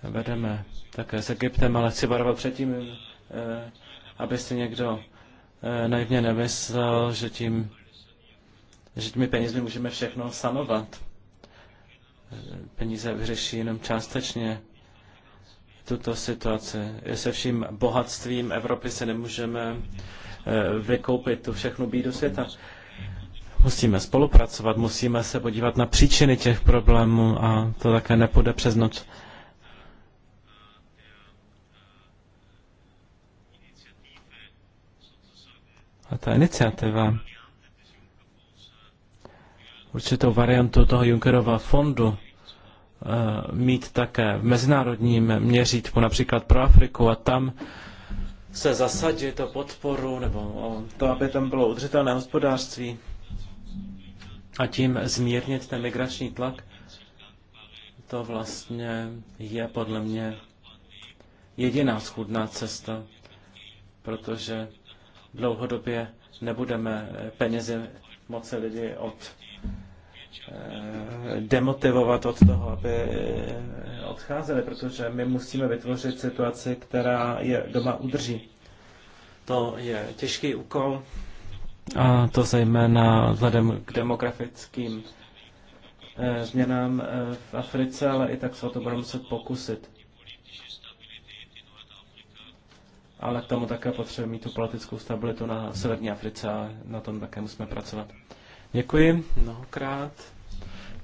vedeme také s Egyptem, ale chci varovat předtím, eh, aby si někdo eh, naivně nemyslel, že tím že těmi penězmi můžeme všechno sanovat. Peníze vyřeší jenom částečně tuto situaci. Se vším bohatstvím Evropy se nemůžeme eh, vykoupit tu všechnu bídu světa. Musíme spolupracovat, musíme se podívat na příčiny těch problémů a to také nepůjde přes noc. A ta iniciativa určitou variantu toho Junckerova fondu eh, mít také v mezinárodním měřítku, například pro Afriku a tam se zasadit o podporu nebo o to, aby tam bylo udržitelné hospodářství a tím zmírnit ten migrační tlak, to vlastně je podle mě jediná schůdná cesta, protože dlouhodobě nebudeme penězi moci lidi od Eh, demotivovat od toho, aby eh, odcházeli, protože my musíme vytvořit situaci, která je doma udrží. To je těžký úkol, a to zejména vzhledem k demografickým eh, změnám v Africe, ale i tak se o to budeme muset pokusit. Ale k tomu také potřebujeme mít tu politickou stabilitu na Severní Africe a na tom také musíme pracovat. Děkuji mnohokrát,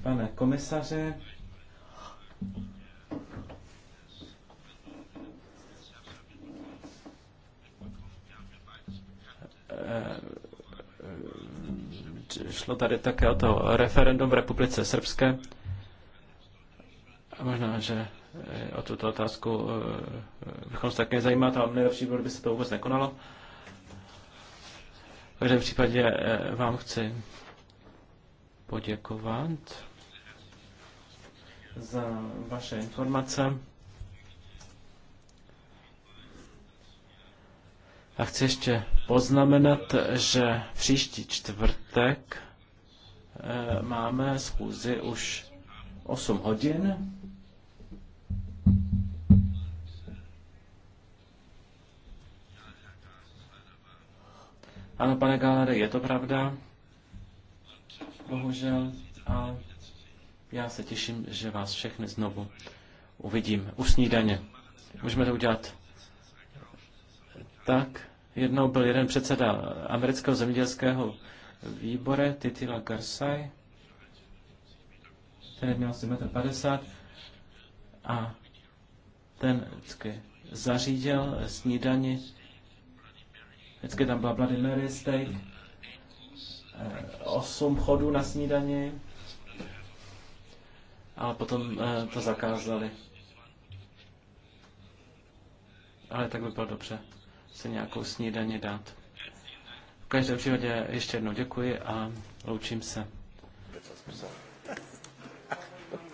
pane komisaře. Eh, šlo tady také o to referendum v Republice Srbské. Možná, že eh, o tuto otázku eh, bychom se také zajímat, ale nejlepší bylo, kdyby se to vůbec nekonalo. V každém případě vám chci poděkovat za vaše informace. A chci ještě poznamenat, že příští čtvrtek eh, máme schůzi už 8 hodin. Ano, pane Galery, je to pravda? bohužel. A já se těším, že vás všechny znovu uvidím u snídaně. Můžeme to udělat tak. Jednou byl jeden předseda amerického zemědělského výbore, Titila Garsai, ten měl asi 1,50 m a ten vždycky zařídil snídani. Vždycky tam byla Bloody Mary steak Eh, osm chodů na snídani, ale potom eh, to zakázali. Ale tak by bylo dobře se nějakou snídaně dát. V každém případě ještě jednou děkuji a loučím se.